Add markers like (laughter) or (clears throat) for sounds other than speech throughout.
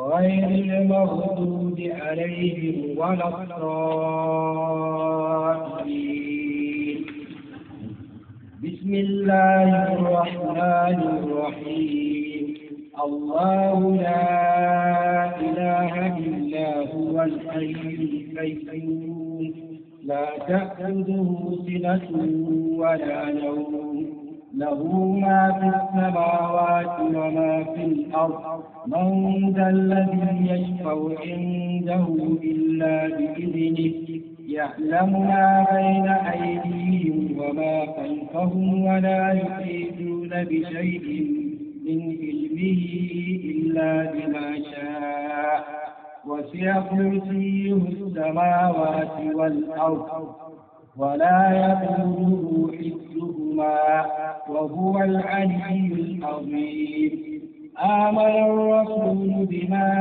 غير المغضوب عليهم ولا الضالين بسم الله الرحمن الرحيم الله لا إله إلا هو الحي القيوم لا تأخذه سنة ولا نوم له ما في السماوات وما في الأرض من ذا الذي يشفع عنده إلا بإذنه يعلم ما بين أيديهم وما خلفهم ولا يحيطون بشيء من علمه إلا بما شاء وسع كرسيه السماوات والأرض ولا يبلغه حفظهما وهو العلي العظيم آمن الرسول بما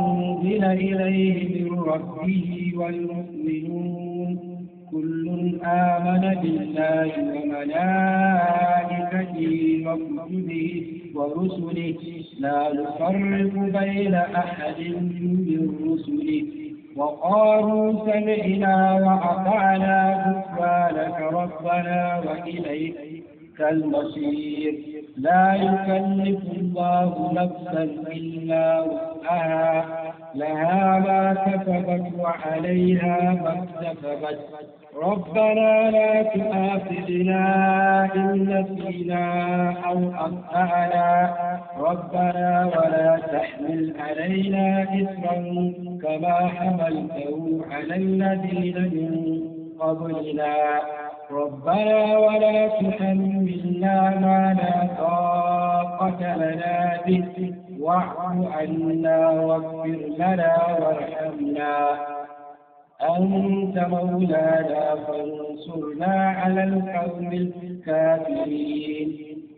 أنزل إليه من ربه والمؤمنون كل آمن بالله وملائكته وكتبه ورسله لا نفرق بين أحد من رسله وقالوا سمعنا وأطعنا غفرانك ربنا وإليك المصير لا يكلف الله نفسا إلا وسعها لها ما كسبت وعليها ما اكتسبت ربنا لا تؤاخذنا إن نسينا أو أخطأنا ربنا ولا تحمل علينا إثرا كما حملته على الذين من قبلنا ربنا ولا تحملنا ما لا طاقة لنا به واعف عنا واغفر لنا وارحمنا أنت مولانا فانصرنا على القوم الكافرين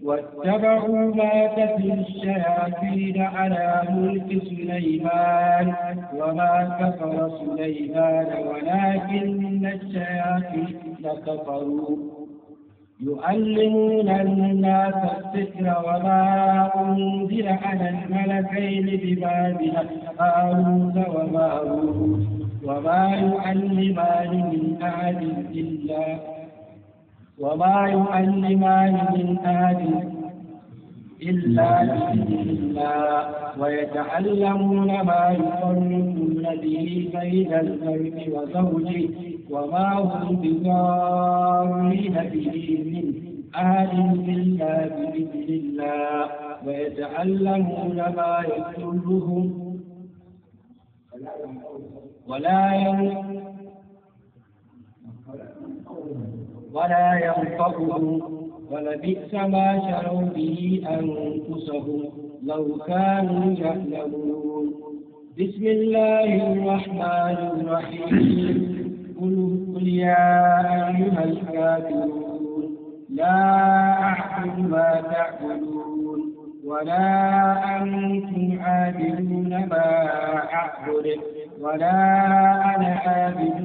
واتبعوا ما تتلو الشياطين على ملك سليمان وما كفر سليمان ولكن الشياطين كفروا يعلمون الناس الذكر وما أنزل على الملكين ببابل هاروت وماروت وما يعلمان من أحد إلا وما يعلمان من أحد إلا بالله ويتعلمون ما يفرقون به بين المرء وزوجه وما هم بضارين به من أهل إلا بإذن الله ويتعلمون ما يضرهم ولا ولا ينفعهم ولبئس ما شروا به أنفسهم لو كانوا يعلمون بسم الله الرحمن الرحيم قل يا أيها الكافرون لا أعبد ما تعبدون ولا أنتم عابدون ما أعبد ولا أنا عابد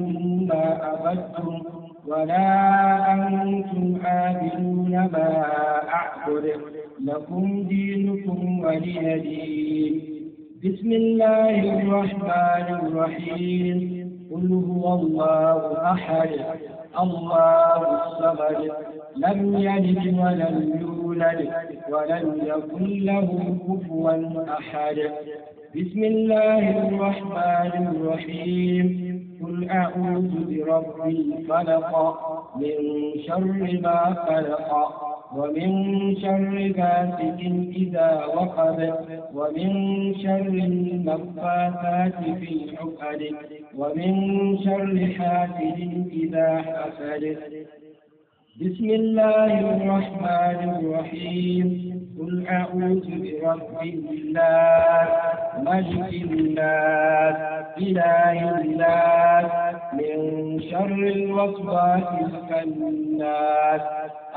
ما عبدتم ولا أنتم عابدون ما أعبد لكم دينكم ولي دين بسم الله الرحمن الرحيم قل هو الله أحد الله الصمد لم يلد ولم يولد ولم يكن له كفوا أحد بسم الله الرحمن الرحيم قل أعوذ برب الفلق من شر ما خلق ومن شر غاسق إذا وقب ومن شر النفاثات في العقد ومن شر حاسد إذا حسد بسم الله الرحمن الرحيم قل أعوذ برب الناس ملك الناس إله الناس من شر الوسواس الخناس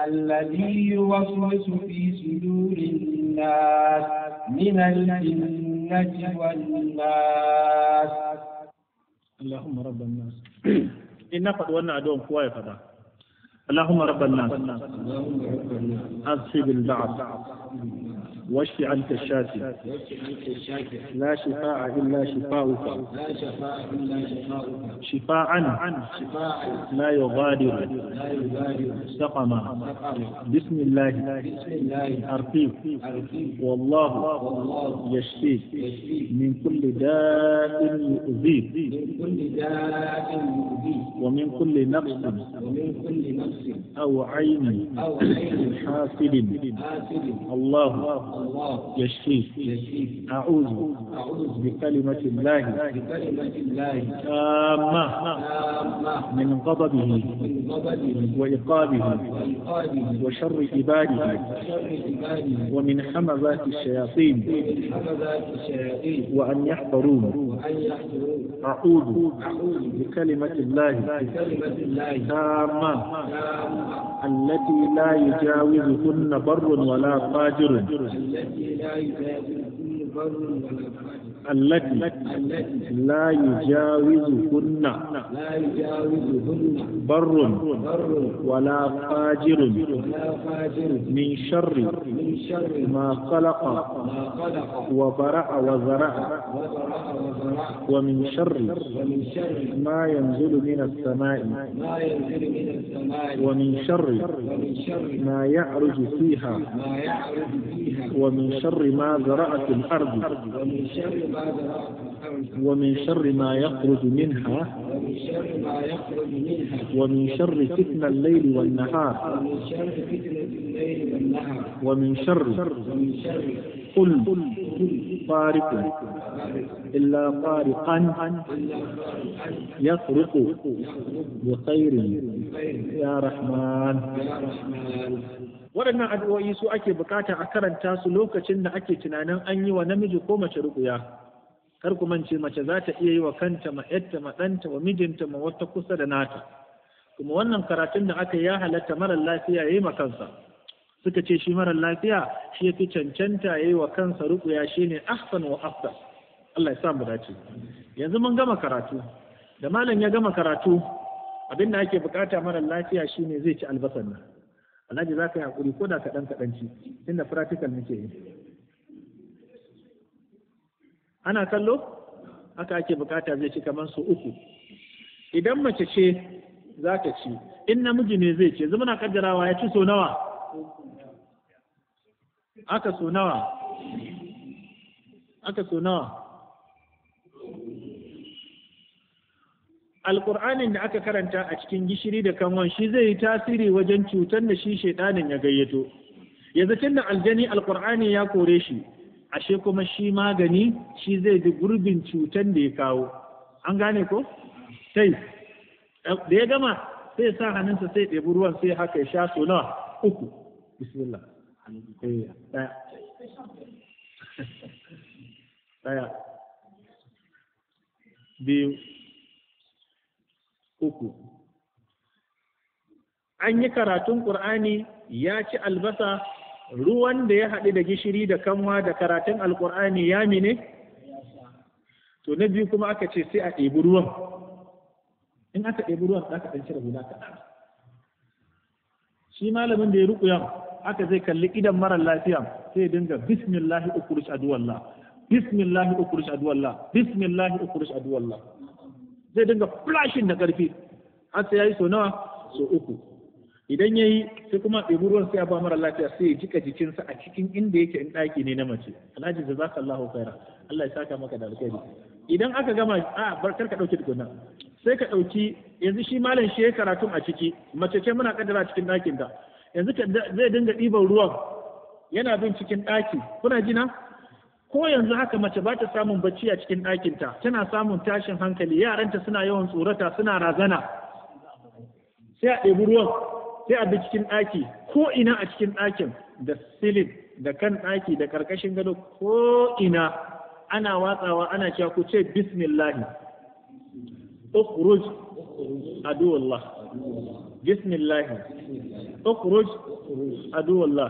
الذي يوسوس في صدور الناس من الجنة والناس اللهم رب الناس (clears throat) إن قد وانا أدوم فضاك اللهم رب الناس أبشر بالبعث واشف عنك الشافي لا شفاء إلا شفاؤك لا شفاء إلا شفاؤك شفاء لا يغادر سقما بسم الله أرقيك والله يشفيك من كل داء يؤذيك ومن كل نقص أو عين حاسد الله يشفيك أعوذ بكلمة الله تامة من غضبه وإقابه وشر عباده ومن حمزات الشياطين وأن يحضرون أعوذ بكلمة الله تامة التي لا يجاوزهن بر ولا قادر التي لا يجاوزهن يجاوزهن بر ولا فاجر من شر ما خلق وبرع وزرع ومن شر ما ينزل من السماء ومن شر ما يعرج فيها ومن شر ما زرعت الأرض ومن شر ما يخرج منها ومن شر فتنة الليل والنهار ومن شر قل طارق إلا طارقا يطرق بخير يا رحمن waɗannan addu'o'i su ake bukata a karanta su lokacin da ake tunanin an yi wa namiji ko mace ruƙuya kar ku mance mace za ta iya yi wa kanta ma ma ɗanta wa mijinta ma wata kusa da nata kuma wannan karatun da aka ya halatta marar lafiya ya yi ma kansa suka ce shi marar lafiya shi ya fi cancanta ya yi wa kansa rukuya shi ne ahsan wa afsan Allah ya sa mu dace yanzu mun gama karatu da malam ya gama karatu abin da ake bukata marar lafiya shi ne zai ci albasan nan alhaji za ka yi hakuri ko da kaɗan kaɗan ci tunda practical muke yi ana kallo haka ake bukata zai ci kamar su uku idan mace ce za ta ci in namiji ne zai ce zama kaddarawa ya ci so nawa aka so nawa aka so nawa alƙur'anin da aka karanta a cikin gishiri da kanwan shi zai yi tasiri wajen cutar da shi shaidanin ya gayyato yanzu tun da aljani alƙur'ani ya kore shi ashe kuma shi magani shi zai bi gurbin cutan da ya kawo an gane ko sai da ya gama sai sa hannunsa sai ɗebi ruwan sai haka ya sha so nawa uku bismillah eh, ɗaya biyu uku an yi karatun ƙur'ani ya ci albasa ruwan da ya haɗu da gishiri da kanwa da karatun alkur'ani ya mine to na biyu kuma aka ce sai a ɗebi ruwan in aka ɗebi ruwan za ka ɗan cire guda kaɗan shi malamin da ya rukuya aka zai kalli idan marar lafiya sai ya dinga bismillahi ukurish aduwalla bismillahi ukurish aduwalla bismillahi ukurish aduwalla zai dinga flashin da ƙarfi har sai ya yi so nawa so uku idan ya yi sai kuma ɗebi ruwan sai a ba mara lafiya sai ya jika jikinsa a cikin inda yake in ɗaki ne na mace alhaji da ka Allahu kaira Allah ya saka maka da alkhairi idan aka gama a barkar ka ɗauki tukuna sai ka ɗauki yanzu shi malam shi ya karatun a ciki mace ce muna kaddara cikin ɗakin da yanzu zai dinga ɗiban ruwan yana bin cikin ɗaki kuna jina ko yanzu haka mace ba ta samun bacci a cikin ɗakinta tana samun tashin hankali yaranta suna yawan tsorata suna razana sai a ɗebi ruwan sai a bi cikin ɗaki ko ina a cikin ɗakin da silin da kan ɗaki da ƙarƙashin gado ko ina ana watsawa ana cewa ku ce bismillahi ukhruj aduwallah bismillahi ukhruj aduwallah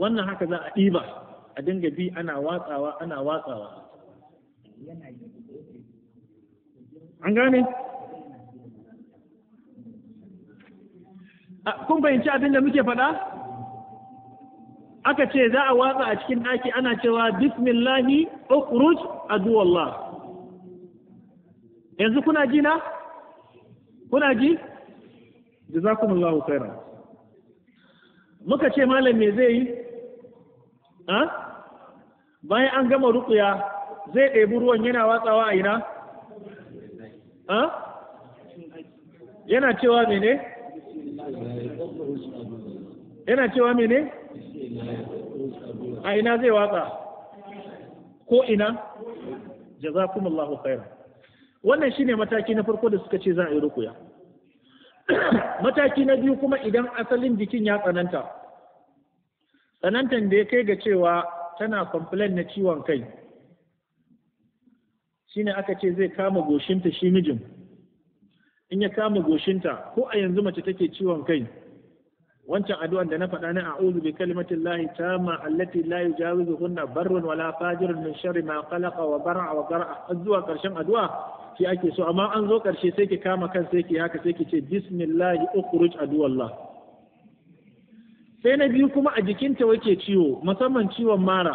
wannan haka za a ɗiba a dinga bi ana watsawa ana watsawa an gane kun fahimci abin da muke faɗa aka ce za a watsa a cikin ɗaki ana cewa bismillahi ukhruj aduwallah yanzu kuna ji na kuna ji jazakumullahu khairan muka ce malam me zai yi ha bayan an gama rukuya zai ɗebi ruwan yana watsawa a ina ha yana cewa mene ne yana cewa mene a ina zai watsa ko ina jazakumullahu khairan wannan shine mataki na farko da suka ce za a yi rukuya (clears throat) mataki na biyu kuma idan asalin jikin ya tsananta tsanantan da ya kai ga cewa tana complain na ciwon kai shine aka ce zai kama goshinta shi mijin in ya kama goshinta ko a yanzu mace take ciwon kai wancan addu'an da na faɗa na a'udhu bi kalimatin lahi tama allati la yujawizu hunna barrun wala fajirun min sharri ma qalaqa wa bara'a wa qara'a zuwa karshen addu'a shi ake so amma an zo karshe sai ki kama kan sai ki haka sai ki ce bismillahi ukhruj adwallah sai na biyu kuma a jikinta wake ciwo musamman ciwon mara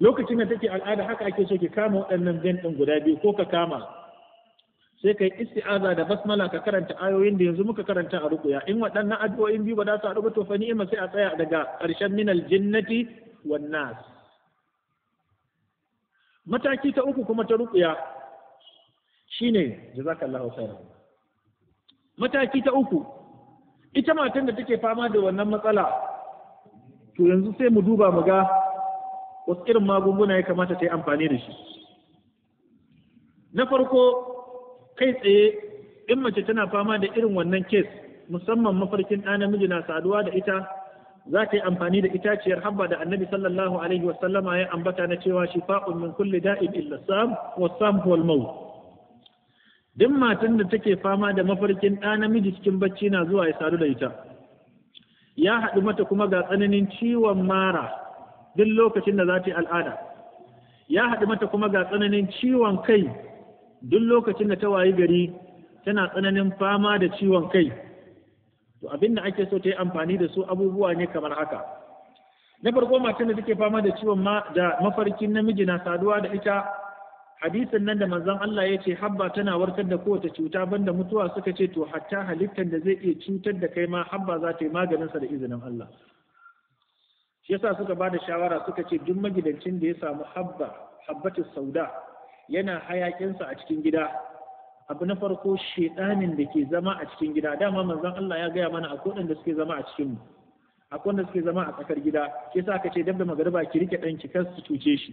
lokacin da take al'ada haka ake so ki kama waɗannan zan ɗin guda biyu ko ka kama sai kai isti'aza da basmala ka karanta ayoyin da yanzu muka karanta a rukuya in waɗannan addu'o'in biyu ba za su haɗu ba to fa ni'ima sai a tsaya daga ƙarshen minal jinnati wan nas mataki ta uku kuma ta rukuya shine jazakallahu khairan mataki ta uku ita matan da take fama da wannan matsala to yanzu sai mu duba mu ga wasu irin magunguna ya kamata ta yi amfani da shi na farko kai tsaye in mace tana fama da irin wannan kes musamman mafarkin ɗa namiji na saduwa da ita za ta yi amfani da itaciyar habba da annabi sallallahu alaihi wasallama ya ambata na cewa shifa'un min kulli da'in illa sam wa sam wal maut duk matan da take fama da mafarkin ɗa namiji cikin bacci na zuwa ya sadu da ita ya haɗu mata kuma ga tsananin ciwon mara duk lokacin da za ta yi al'ada ya haɗu mata kuma ga tsananin ciwon kai duk lokacin da ta wayi gari tana tsananin fama da ciwon kai to abin da ake so ta yi amfani da su abubuwa ne kamar haka na farko matan da take fama da ciwon ma da mafarkin namiji na saduwa da ita hadisin nan da manzon Allah ya ce habba tana warkar da kowace cuta banda mutuwa suka ce to hatta halittar da zai iya cutar da kai ma habba za ta yi maganin sa da izinin Allah shi yasa suka bada shawara suka ce duk magidancin da ya samu habba habbatu sauda yana hayakinsa a cikin gida abu na farko shedanin da ke zama a cikin gida dama manzan Allah ya gaya mana akwai da suke zama a cikin mu akwai wanda suke zama a tsakar gida ke sa ka ce dab magariba ki rike ɗan ki kasu su cuce shi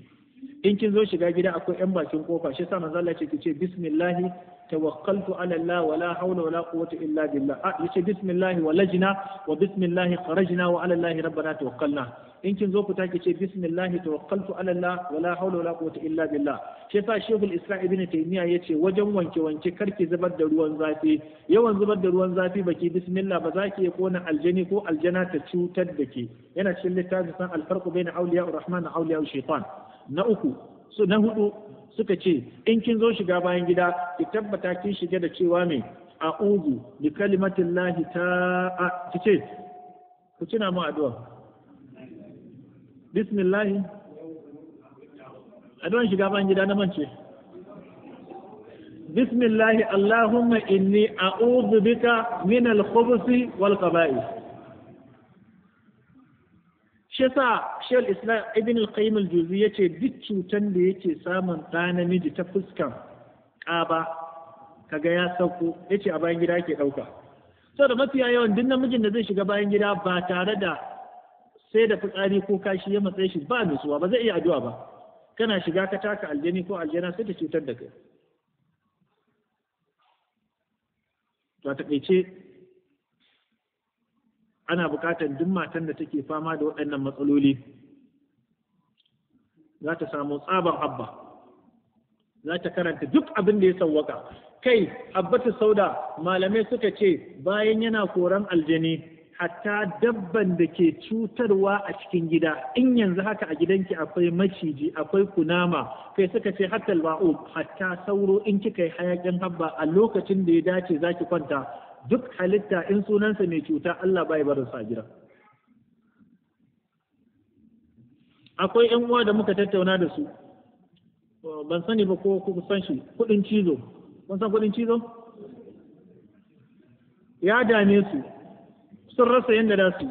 in kin zo shiga gida akwai yan bakin kofa shi sa manzon Allah ce ki ce bismillahi tawakkaltu ala Allah wala hawla wala quwwata illa billah ah, a ce, bismillahi walajna wa bismillahi kharajna wa ala Allah rabbana tawakkalna in kin zo fita ki ce bismillah tawakkaltu ala Allah wala hawla wala quwwata illa billah shi yasa shehul islam ibn taymiya yace wajen wanke wanke karki zubar da ruwan zafi yawan zubar da ruwan zafi baki bismillah ba za ki iya kona aljani ko aljana ta cutar da ke yana cikin littafin san alfarqu bayna awliya rahman wa awliya shaytan na uku su na hudu suka ce in kin zo shiga bayan gida ki tabbata kin shiga da cewa me a'udhu bi kalimatillahi ta'a kice ku tuna mu addu'a bismillahi a don shiga ban gida na mance bismillahi allahumma inni a'udhu bika min al-khubuthi wal qaba'ith yasa islam ibn al-qayyim al-juzi yace duk cutan da yake samun ɗa namiji ta fuskan ƙaba kaga ya sauko yace a bayan gida yake ɗauka saboda da mafiya yawan duk namijin da zai shiga bayan gida ba tare da sai da fitsari ko kashi ya matsaye shi ba nutsuwa ba zai iya addu'a ba kana shiga ka taka aljani ko aljana sai ta cutar da kai to a taƙaice ana buƙatar duk matan da take fama da waɗannan matsaloli za ta samu tsabar abba za ta karanta duk abin da ya sauwaka kai abbatu sauda malamai suka ce bayan yana koran aljani hatta dabban da ke cutarwa a cikin gida in yanzu haka a gidanki akwai maciji akwai kunama kai suka ce hatta ba'u hatta sauro in kika yi hayakin habba a lokacin da ya dace zaki kwanta duk halitta in sunansa mai cuta Allah bai barin sa gida akwai yan uwa da muka tattauna da su ban sani ba ko ku san shi kudin cizo kun san kudin cizo ya dame su sun rasa yadda za su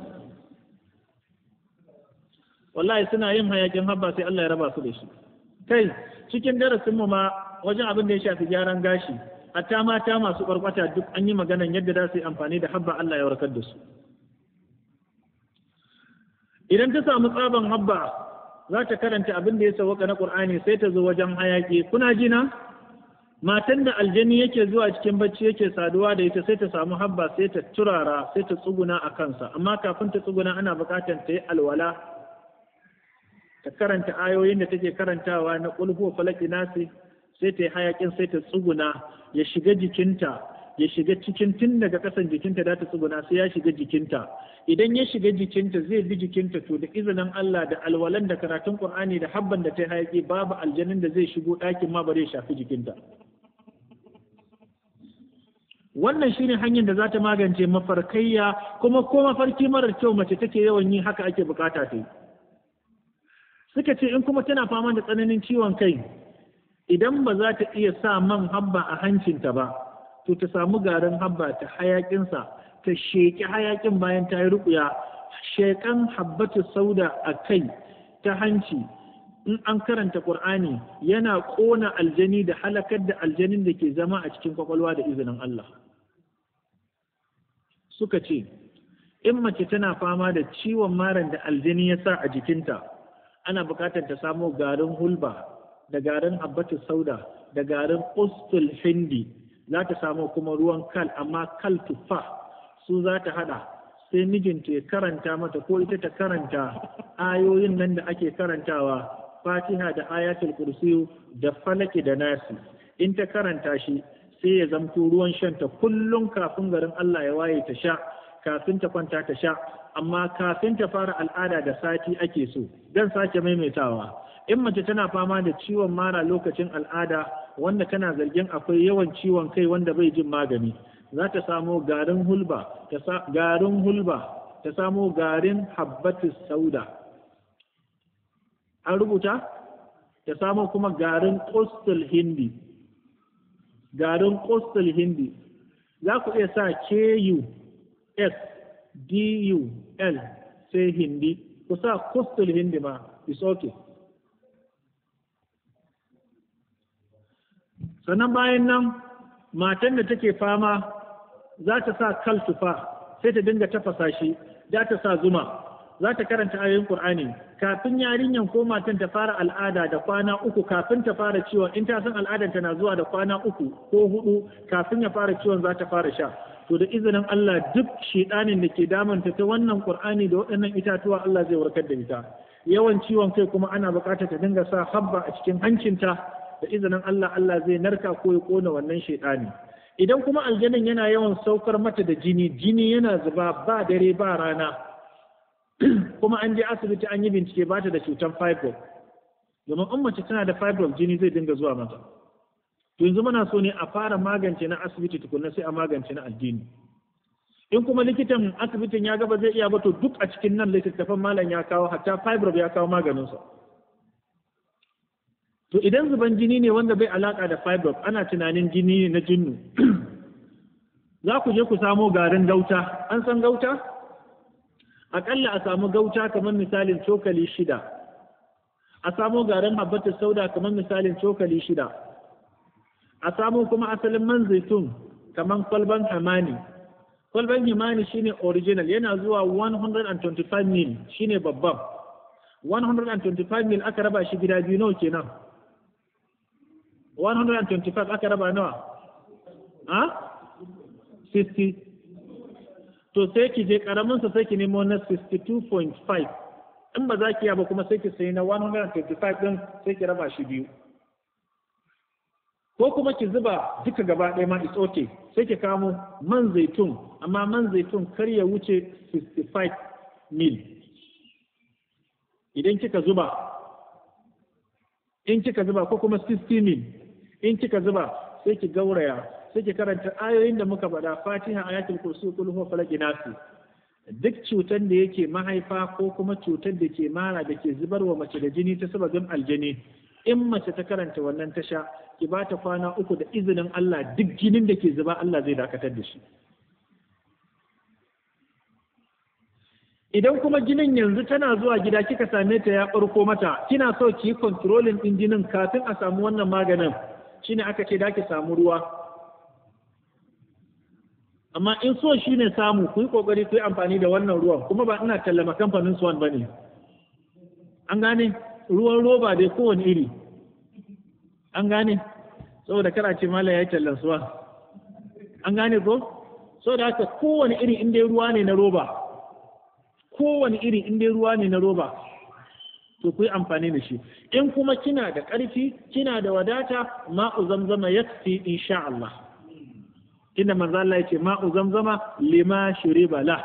wallahi suna yin hayakin habba sai Allah ya raba su da shi kai cikin darasin mu ma wajen abin da ya shafi gyaran gashi A ta mata masu barkwata duk an yi maganan yadda za su yi amfani da habba Allah ya warkar da su idan ta samu tsaban habba za ta karanta abin da ya sauka na Qur'ani sai ta zo wajen hayaki kuna jina matan da aljani yake zuwa cikin bacci yake saduwa da ita sai ta samu habba sai ta turara sai ta tsuguna a kansa amma kafin ta tsuguna ana bukatar ta yi alwala ta karanta ayoyin da take karantawa na kulhu falaki nasi sai ta yi hayakin sai ta tsuguna ya shiga jikinta ya shiga cikin tun daga kasan jikinta da ta tsuguna sai ya shiga jikinta idan ya shiga jikinta zai bi jikinta to da izinin Allah da alwalan da karatun Qur'ani da habban da ta hayaki babu aljanin da zai shigo dakin ma ba zai shafi jikinta wannan shine hanyar da za ta magance mafarkayya kuma ko mafarki marar kyau mace take yawan yi haka ake bukata ta yi suka ce in kuma tana fama da tsananin ciwon kai idan ba za ta iya sa man habba a hancinta ba to ta samu garin habba ta hayakinsa ta sheƙi hayakin bayan ta yi rukuya sheƙan habbatu sauda a kai ta hanci in an karanta ƙur'ani yana ƙona aljani da halakar da aljanin da ke zama a cikin kwakwalwa da izinin Allah. suka ce in mace tana fama da ciwon maran da aljini ya sa a jikinta ana buƙatar ta samo garin hulba da garin habbatu sauda da garin ustul hindi za ta samo kuma ruwan kal amma kal tuffa su za ta hada sai mijinta ya karanta mata ko ita ta karanta ayoyin nan da ake karantawa fatiha da ayatul kursiyu da falaki da nasi in ta karanta shi sai ya zamto ruwan shan ta kullum kafin garin Allah ya waye ta sha kafin ta kwanta ta sha amma kafin ta fara al'ada da sati ake so dan sake maimaitawa in mace tana fama da ciwon mara lokacin al'ada wanda tana zargin akwai yawan ciwon kai wanda bai jin magani za ta samo garin hulba garin hulba ta samo garin habbatus sauda an rubuta ta samo kuma garin kostul hindi garin Coastal hindi za ku iya sa u s d u l sai hindi ku sa Coastal hindi ma is okay sannan bayan nan matan da take fama za ta sa kaltufa sai ta dinga tafasa shi za ta sa zuma za ta karanta ayoyin Qur'ani kafin yarinyar ko matan ta fara al'ada da kwana uku kafin ta fara ciwon in ta san al'adar ta na zuwa da kwana uku ko hudu kafin ya fara ciwon za ta fara sha to da izinin Allah duk shedanin da ke damanta ta wannan Qur'ani da waɗannan itatuwa Allah zai warkar da ita yawan ciwon kai kuma ana buƙatar ta dinga sa habba a cikin hancinta da izinin Allah Allah zai narka ko ya kona wannan shedani idan kuma aljanin yana yawan saukar mata da jini jini yana zuba ba dare ba rana (clears throat) kuma an je asibiti an yi bincike ba ta da cutar fibro domin in mace tana da fibro jini zai dinga zuwa mata to yanzu muna so ne a fara magance na asibiti tukunna sai a magance na addini in kuma likitan asibitin ya gaba zai iya ba to duk a cikin nan littattafan malam ya kawo hatta fibro ya kawo maganinsa to idan zuban jini ne wanda bai alaka da fibro ana tunanin jini ne na jinnu (clears throat) za ku je ku samo garin gauta an san gauta aƙalla a samu gauta kamar misalin cokali shida a samu garin habbatus sauda kamar misalin cokali shida a samu kuma asalin man zaitun kamar kwalban hamani kwalban himani shine original yana zuwa 125 mil shine babban 125 mil aka raba shi gida biyu nawa kenan 125 aka raba nawa ha to sai ki je karamin sa sai ki nemo na 62.5 in ba za ki yaba kuma sai ki sayi na 155 din sai ki raba shi biyu ko kuma ki zuba duka gaba ɗaya ma it's okay sai ki kamo man zaitun amma man zaitun kar ya wuce 65 mil idan kika zuba in kika zuba ko kuma 60 mil in kika zuba sai ki gauraya suke karanta ayoyin da muka faɗa fatiha ayatul kursu kullu huwa falaq nasu duk cutar da yake mahaifa ko kuma cutar da ke mara da ke zubarwa mace da jini ta sababin aljini in mace ta karanta wannan tasha ki ba ta kwana uku da izinin Allah duk jinin da ke zuba Allah zai dakatar da shi idan kuma jinin yanzu tana zuwa gida kika same ta ya farko mata kina so ki yi controlling din jinin kafin a samu wannan maganin shine aka ce da ki samu ruwa amma in so shi ne samu ku yi ƙoƙari ku yi amfani da wannan ruwan kuma ba ina tallama kamfanin swan ba ne an gane ruwan roba dai kowane iri an gane saboda kara ce mala ya tallan swan an gane ko saboda haka kowane iri in dai ruwa ne na roba kowane iri in dai ruwa ne na roba to ku yi amfani da shi in kuma kina da ƙarfi kina da wadata ma'u zamzama yakfi insha Allah inda manzo Allah yace ma'u zamzama lima shuriba la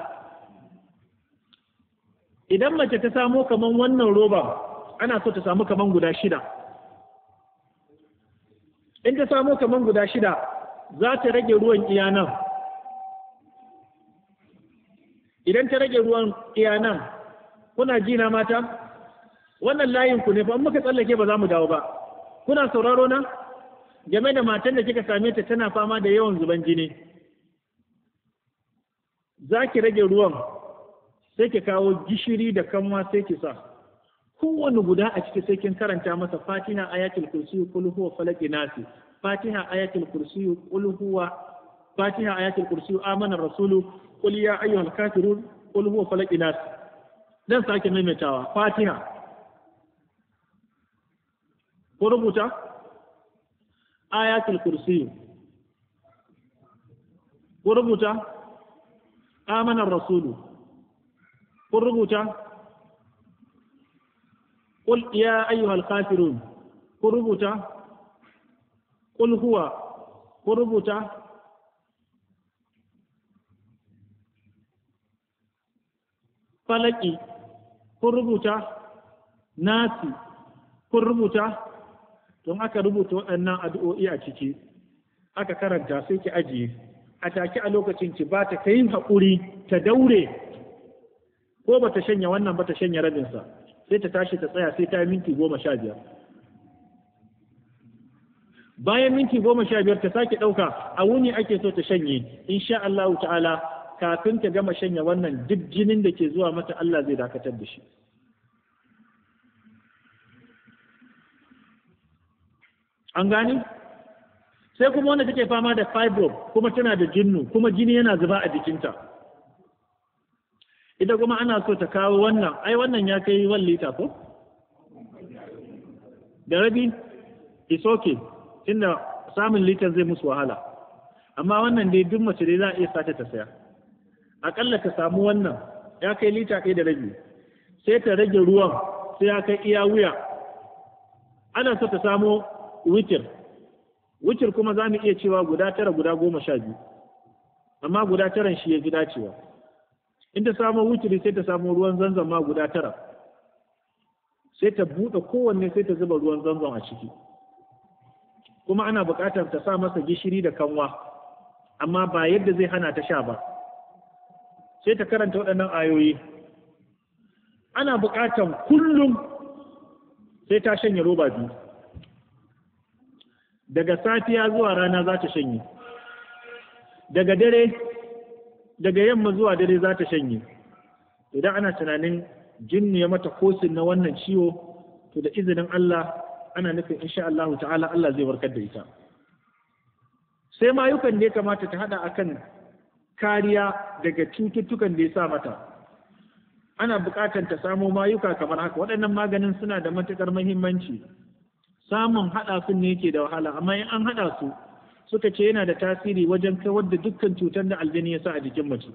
idan mace ta samo kaman wannan roba ana so ta samu kaman guda shida in ta samo kaman guda shida za ta rage ruwan iyanan idan ta rage ruwan iyanan kuna jina mata wannan layin ku ne ba muka tsallake ba za mu dawo ba kuna sauraro na game da matan da kika same ta tana fama da yawan zuban jini za ki rage ruwan sai ki kawo gishiri da kanwa sai ki sa kowane guda a ciki sai kin karanta masa fatiha ayatul kursi qul huwa falaqi nasi fatiha ayatul kursi qul huwa fatiha ayatul kursi amana rasulu qul ya ayyuhal kafirun qul huwa falaqi nasi dan sake maimaitawa fatiha ko rubuta ayatul kursi ko rubuta amanar rasulu ko rubuta قل يا أيها الكافرون قربتا قل هو قربتا فلكي قربتا ناسي قربتا don aka rubuta waɗannan addu'o'i a ciki aka karanta sai ki ajiye a take a lokacin ki ba ta kai haƙuri ta daure ko ba ta shanya wannan ba ta shanya rabinsa sai ta tashi ta tsaya sai ta yi minti goma sha biyar bayan minti goma sha biyar ta sake ɗauka a wuni ake so ta shanye insha Allah ta'ala kafin ta gama shanya wannan duk jinin da ke zuwa mata Allah zai dakatar da shi an gani? sai kuma wanda take fama da fibro kuma tana da jinnu kuma jini yana zuba a jikinta ita kuma ana so ta kawo wannan ai wannan ya kai wan lita ko da rabi is okay tunda samun litan zai musu wahala amma wannan dai duk mace dai za a iya sata ta saya akalla ta samu wannan ya kai lita ɗaya da rabi sai ta rage ruwan sai ya kai iya wuya ana so ta samo witir witir kuma za mu iya cewa guda tara guda goma sha biyu amma guda taran shi ya gida dacewa in ta samo witiri sai ta samu ruwan zanzan ma guda tara sai ta buɗe kowanne sai ta zuba ruwan zanzan a ciki kuma ana buƙatar ta sa masa gishiri da kanwa amma ba yadda zai hana ta sha ba sai ta karanta waɗannan ayoyi ana buƙatar kullum sai ta shanye roba biyu daga safiya zuwa rana za ta shanye daga dare daga yamma zuwa dare za ta shanye idan ana tunanin jinni ya mata kosin na wannan ciwo to da izinin Allah ana nufin insha Allah ta'ala Allah zai warkar da ita sai mayukan da ya kamata ta hada akan kariya daga cututtukan da ya sa mata ana buƙatar ta samo mayuka kamar haka waɗannan maganin suna da matuƙar muhimmanci samun haɗa su ne yake da wahala amma in an haɗa su suka ce yana da tasiri wajen kawar da dukkan cutar da aljini ya sa a jikin mace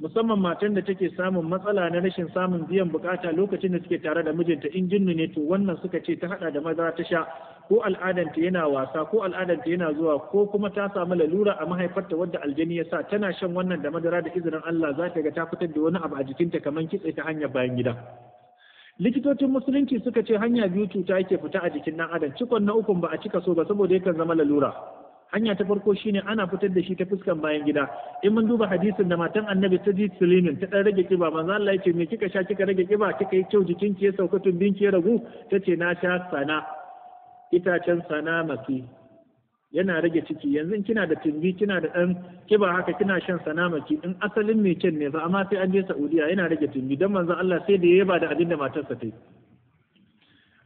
musamman matan da take samun matsala na rashin samun biyan bukata lokacin da suke tare da mijinta in jinnu ne to wannan suka ce ta hada da maza ta sha ko al'adanta yana wasa ko al'adanta yana zuwa ko kuma ta samu lalura a mahaifarta wadda aljini ya sa tana shan wannan da madara da izinin Allah za ta ga ta fitar da wani abu a jikinta kamar kitse ta hanyar bayan gida. likitocin musulunci suka ce hanya biyu cuta yake fita a jikin ɗan adam cikon na ukun ba a cika so ba saboda yakan zama lalura hanya ta farko shine ana fitar da shi ta fuskan bayan gida in mun duba hadisin da matan annabi ta ji silimin ta dan rage kiba manzo Allah yake me kika sha kika rage kiba kika yi kyau jikin ki ya sauka tumbin ki ya ragu tace na sha sana itacen sana maki yana rage ciki yanzu kina da tumbi kina da ɗan kiba haka kina shan sanamaki in asalin mai kyan ne fa amma sai an je Saudiya yana rage tumbi dan manzon Allah sai da yaba da abin da matarsa ta yi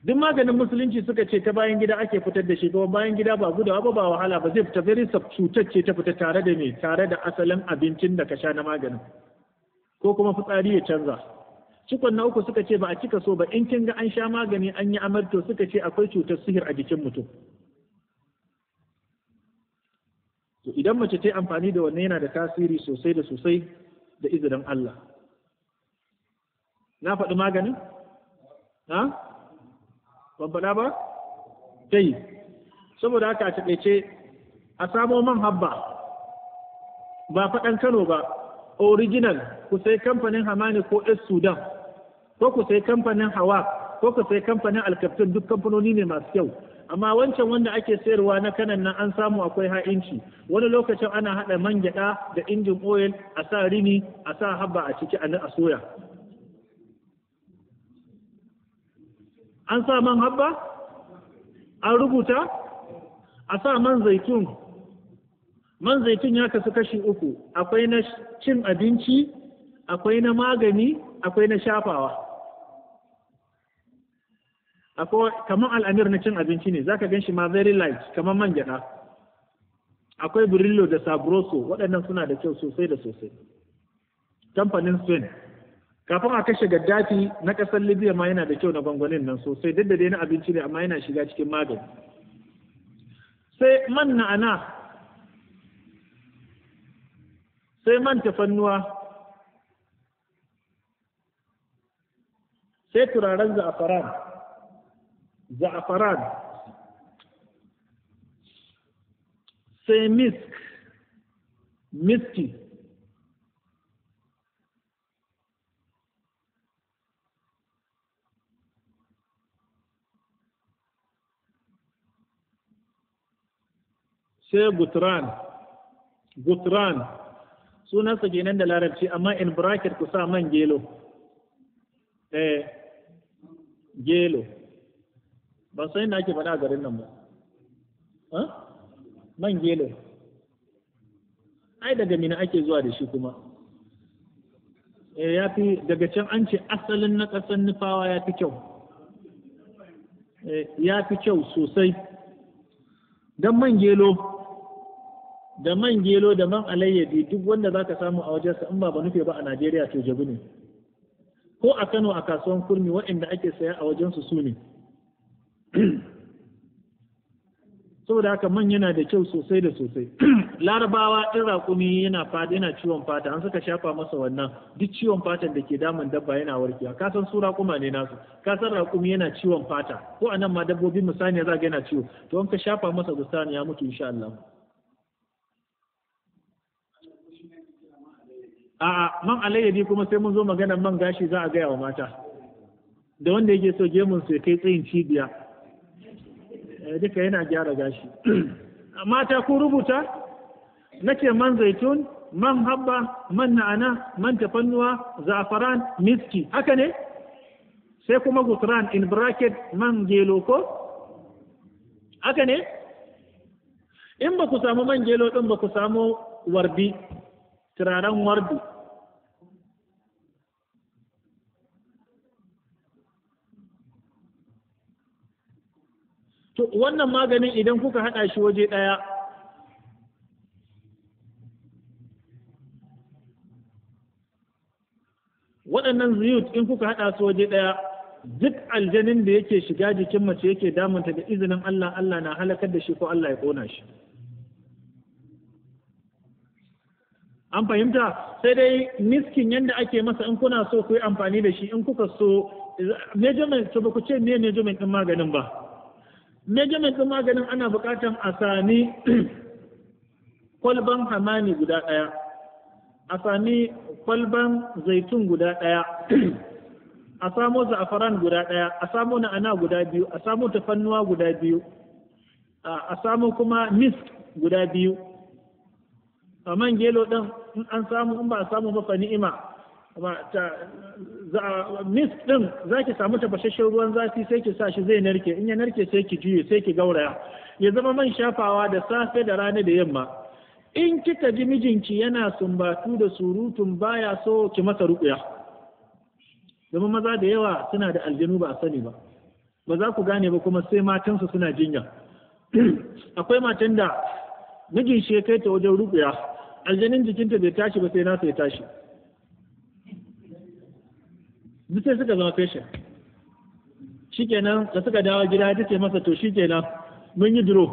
duk maganin musulunci suka ce ta bayan gida ake fitar da shi kuma bayan gida ba gudawa ba ba wahala ba zai fita very ce ta fita tare da me tare da asalin abincin da ka sha na maganin ko kuma fitsari ya canza cikon na uku suka ce ba a cika so ba in kin ga an sha magani an yi amarto suka ce akwai cutar sihir a jikin mutum to idan mace ta yi amfani da wannan yana da tasiri sosai da sosai da izinin Allah na faɗi maganin ha? ban faɗa ba ta saboda haka a taƙaice a samo man habba ba faɗan Kano ba original ku sai kamfanin Hamani ko S Sudan ko ku sai kamfanin Hawa ko ku sai kamfanin Alkaftin duk kamfanoni ne masu kyau amma wancan wanda ake sayarwa na kanan nan an samu akwai ha'inci wani lokacin ana haɗa man gyaɗa da injin oil a sa rini a sa habba a ciki a soya an sa man habba an rubuta a sa man zaitun man zaitun ya kasu kashi uku akwai na cin abinci akwai na magani akwai na shafawa akwai kamar al'amir na cin abinci ne zaka gan shi ma very light kamar man gyada akwai birillo da sabroso waɗannan suna da kyau sosai da sosai kamfanin spain kafin a kashe gaddafi na ƙasar libya ma yana da kyau na gwangwanin nan sosai duk da dai na abinci ne amma yana shiga cikin magani sai man na'ana sai man tafannuwa sai turaren za'afaran زعفران sai misk miski sai gutran gutran sunansa kenan da larabci amma in bracket ku sa man gelo eh gelo ban san yadda ake faɗa a garin nan ba man gelo ai daga mina ake zuwa da shi kuma eh, ya fi daga can an ce asalin na ƙasar nufawa ya fi kyau eh, ya fi kyau sosai don man gelo da man gelo da man alayyadi duk wanda za ka samu a wajensa in ba ba nufe ba a najeriya to jabi ne ko a kano a kasuwan kurmi waɗanda ake saya a wajensu su ne (clears throat) saboda haka man yana da kyau sosai da sosai (clears throat) larabawa ɗin raƙumi yana fata yana ciwon fata an suka shafa masa wannan duk ciwon fatan da ke daman dabba yana warkewa ka san su raƙuma ne nasu ka san raƙumi yana ciwon fata ko anan ma dabbobi musaniya za ga yana ciwo to an ka shafa masa gusani ya mutu insha Allah a man alayyadi kuma sai mun zo maganar man gashi za a gaya wa mata da wanda yake so gemun su ya kai tsayin cibiya Eh, duka yana gyara gashi (clears throat) ta ku rubuta nake man zaitun man habba man na'ana man tafannuwa zafaran miski haka ne sai kuma gutran in bracket man gelo ko haka ne in ba ku samu man gelo din ba ku samu wardi turaren wardi to wannan maganin idan kuka haɗa shi waje ɗaya waɗannan ziyut in kuka haɗa su waje ɗaya duk aljanin da yake shiga jikin mace yake damunta da izinin Allah Allah na halakar da shi ko Allah ya kona shi an fahimta sai dai miskin yadda ake masa in kuna so ku yi amfani da shi in kuka so measurement to ba ku ce ne measurement din maganin ba measurement ɗin maganin ana buƙatar a sami (clears throat) kwalban hamani guda ɗaya a sami kwalban zaitun guda ɗaya (clears throat) a samo za'afaran guda ɗaya a samo na'ana guda biyu a samo tafannuwa guda biyu a samo kuma mist guda biyu a man gelo ɗin in an samu in ba a samu ba fa ni'ima mist ɗin za ki samu tafasasshen ruwan zafi sai ki sa shi zai narke in ya narke sai ki juye sai ki gauraya ya zama man shafawa da safe da rana da yamma in kika ji mijinki yana sumbatu da surutun baya so ki masa rukuya Zama maza da yawa suna da aljanu ba a sani ba ba za ku gane ba kuma sai matansu suna jinya (clears throat) akwai matan da mijin shi ya kai ta wajen rukuya aljanin jikinta bai tashi ba sai nasa ya tashi duk sai suka zama patient shikenan da suka dawo gida ta ce masa to shikenan mun yi duro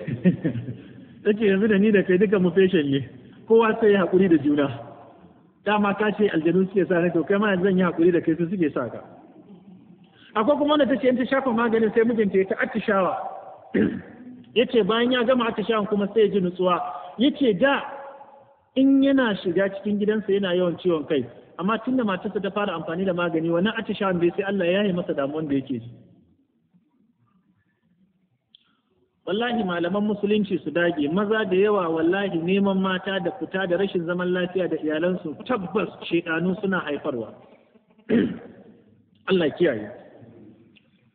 (laughs) ta ce yanzu da ni da kai duka mu patient ne kowa sai ya haƙuri da juna dama ka ce aljanu suke sa ne to kai ma zan yi haƙuri da kai su suke sa ka akwai kuma wanda ta ce in ta shafa maganin sai mijinta ya ta attishawa (clears throat) yace bayan ya gama attishawan kuma sai ya ji nutsuwa ya da in yana shiga cikin gidansa yana yawan ciwon kai amma tun da matarsa ta fara amfani da magani wannan atishawan bai sai Allah ya yi masa damuwan da yake wallahi malaman musulunci su dage maza da yawa wallahi neman mata da fita da rashin zaman lafiya da iyalansu tabbas shekanu suna haifarwa Allah kiyaye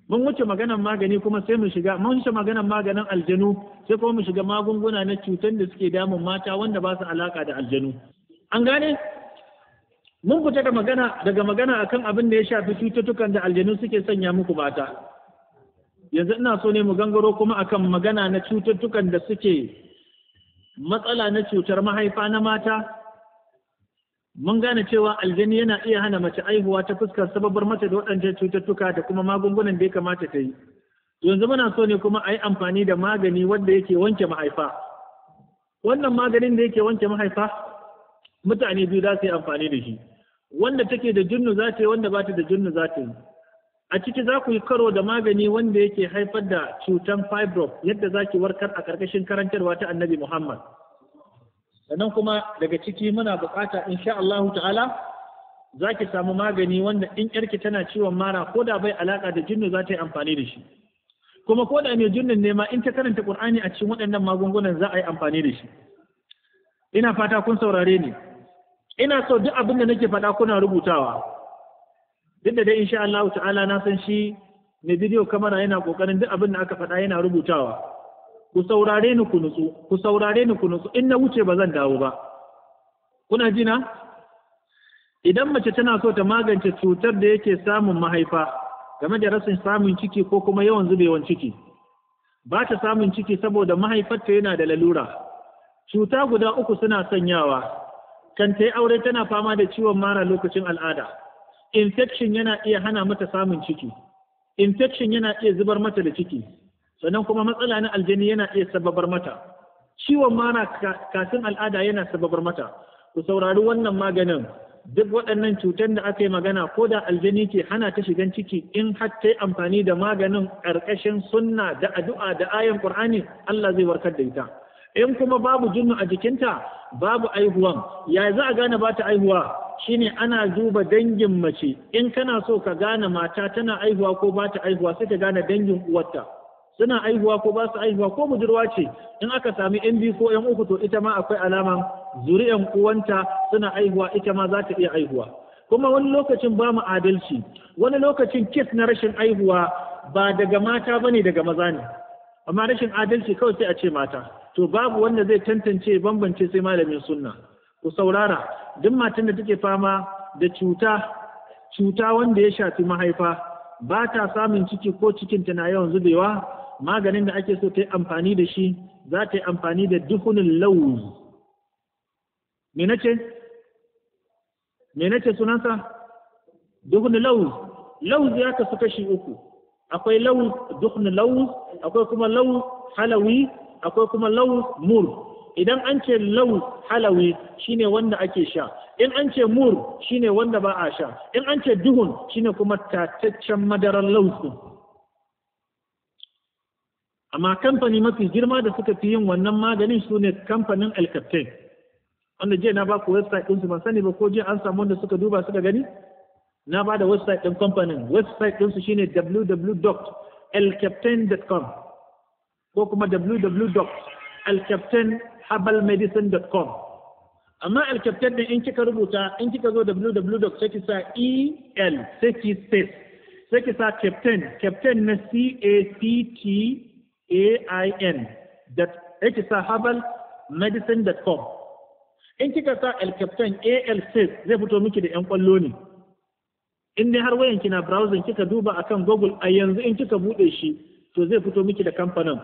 mun wuce maganan magani kuma sai mu shiga mun wuce maganan maganin aljanu sai kuma mu shiga magunguna na cutar da suke damun mata wanda ba su alaka da aljanu an gane mun fita da magana daga magana akan abin da ya shafi cututtukan da aljanu suke sanya muku bata yanzu ina so ne mu gangaro kuma akan magana na cututtukan da suke matsala na cutar mahaifa na mata mun gane cewa aljani yana iya hana mace aihuwa ta fuskar sababar mata da waɗancan cututtuka da kuma magungunan da ya kamata ta yi yanzu muna so ne kuma a yi amfani da magani wanda yake wanke mahaifa wannan maganin da yake wanke mahaifa mutane biyu za su yi amfani da shi wanda take da junnu za ta yi wanda ba ta da junnu za ta yi a ciki za ku yi karo da magani wanda yake haifar da cutan fibro yadda za ki warkar a ƙarƙashin karantarwa ta annabi muhammad sannan kuma daga ciki muna buƙata insha Allah ta'ala za ki samu magani wanda in yarki tana ciwon mara ko da bai alaƙa da jinnu za ta yi amfani da shi kuma ko da mai jinnun ne ma in ta karanta ƙur'ani a cikin waɗannan magungunan za a yi amfani da shi ina fata kun saurare ni ina so duk abin da nake faɗa kuna rubutawa duk da dai insha Allah ta'ala na san shi mai bidiyo kamera yana kokarin duk abin da aka faɗa yana rubutawa ku saurare ni ku nutsu ku saurare ni ku nutsu in na wuce ba zan dawo ba kuna ji na idan mace tana so ta magance cutar da yake samun mahaifa game da rashin samun ciki ko kuma yawan zubewan ciki ba ta samun ciki saboda mahaifarta yana da lalura cuta guda uku suna sanyawa kan ta yi aure tana fama da ciwon mara lokacin al'ada infection yana iya hana mata samun ciki infection yana iya zubar mata da ciki sannan kuma matsala na aljani yana iya sababar mata ciwon mara kafin al'ada yana sababar mata ku saurari wannan maganin duk waɗannan cutar da aka yi magana ko da aljani ke hana ta shigan ciki in har ta yi amfani da maganin ƙarƙashin sunna da addu'a da ayan ƙur'ani Allah zai warkar da ita in kuma babu junnu a jikinta babu aihuwan ya za a gane bata ta aihuwa shine ana duba dangin mace in kana so ka gane mata tana aihuwa ko ba aihuwa sai ka gane dangin uwarta suna aihuwa ko ba su aihuwa ko budurwa ce in aka sami yan biyu ko yan uku to ita ma akwai alaman zuri'an uwanta suna aihuwa ita ma za ta iya aihuwa kuma wani lokacin ba mu adalci wani lokacin kis na rashin aihuwa ba daga mata ba ne daga maza ne amma rashin adalci kawai sai a ce mata to babu wanda zai tantance bambance sai malamin sunna ku saurara duk matan da take fama da cuta cuta wanda ya shafi mahaifa ba ta samun ciki ko cikin na yawan zubewa maganin da ake so ta yi amfani da shi za ta yi amfani da duhunin launi me nace me sunansa duhunin launi launi ya kasu kashi uku akwai launi duhunin launi akwai kuma launi halawi akwai kuma lau mur idan an ce lau halawi shine wanda ake sha in an ce mur shine wanda ba a sha in an ce duhun shine kuma tataccen madarar lausu. amma kamfani mafi girma da suka fi yin wannan maganin su ne kamfanin alkaftai wanda jiya na ba ku website ɗinsu ban sani ba ko jiya an samu wanda suka duba suka gani na ba da website ɗin kamfanin website ɗinsu shine www.elcaptain.com ko kuma www.alcaptainhabalmedicine.com amma alcaptain din in kika rubuta in kika zo www. sai ki space sai ki sa captain captain na c a p t a i n that ki sa herbalmedicine.com in kika sa alcaptain al space zai fito miki da yan kwallo ne in dai har wayan kina browsing kika duba akan google a yanzu in kika bude shi to zai fito miki da kamfanin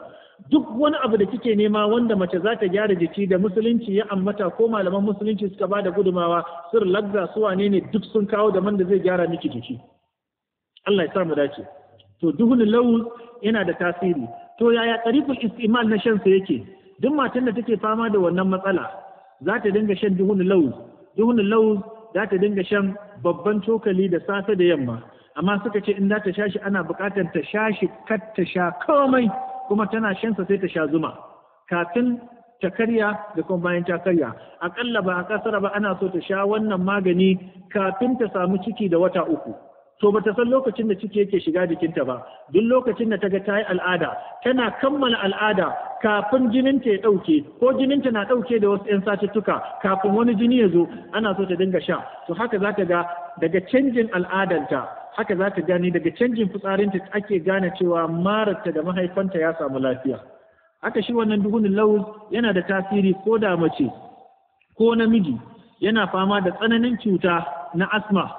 duk wani abu da kike nema wanda mace za ta gyara jiki da musulunci ya ammata ko malaman musulunci suka ba da gudumawa sir lagza su wane ne duk sun kawo da man da zai gyara miki jiki Allah ya sa mu dace to duhun lawuz yana da tasiri to yaya tariful istimal na shan sa yake duk matan da take fama da wannan matsala za ta dinga shan duhun lawuz duhun lawuz za ta dinga shan babban cokali da safe da yamma amma suka ce in za ta sha shi ana buƙatar ta sha shi kar ta sha komai kuma tana shansa sai ta sha zuma kafin ta karya da kuma bayan ta karya aƙalla ba a kasara ba ana so ta sha wannan magani kafin ta samu ciki da wata uku to bata san lokacin da ciki yake shiga jikinta ba duk lokacin da ta ga ta yi al'ada tana kammala al'ada kafin jininta ya ɗauke ko jininta na ɗauke da wasu 'yan satuttuka kafin wani jini ya zo ana so ta dinga sha to haka za ta ga daga canjin al'adanta haka za ta gane daga canjin fitsarinta ake gane cewa mararta da mahaifanta ya samu lafiya haka shi wannan duhunin lauz yana da tasiri ko da mace ko namiji yana fama da tsananin cuta na asma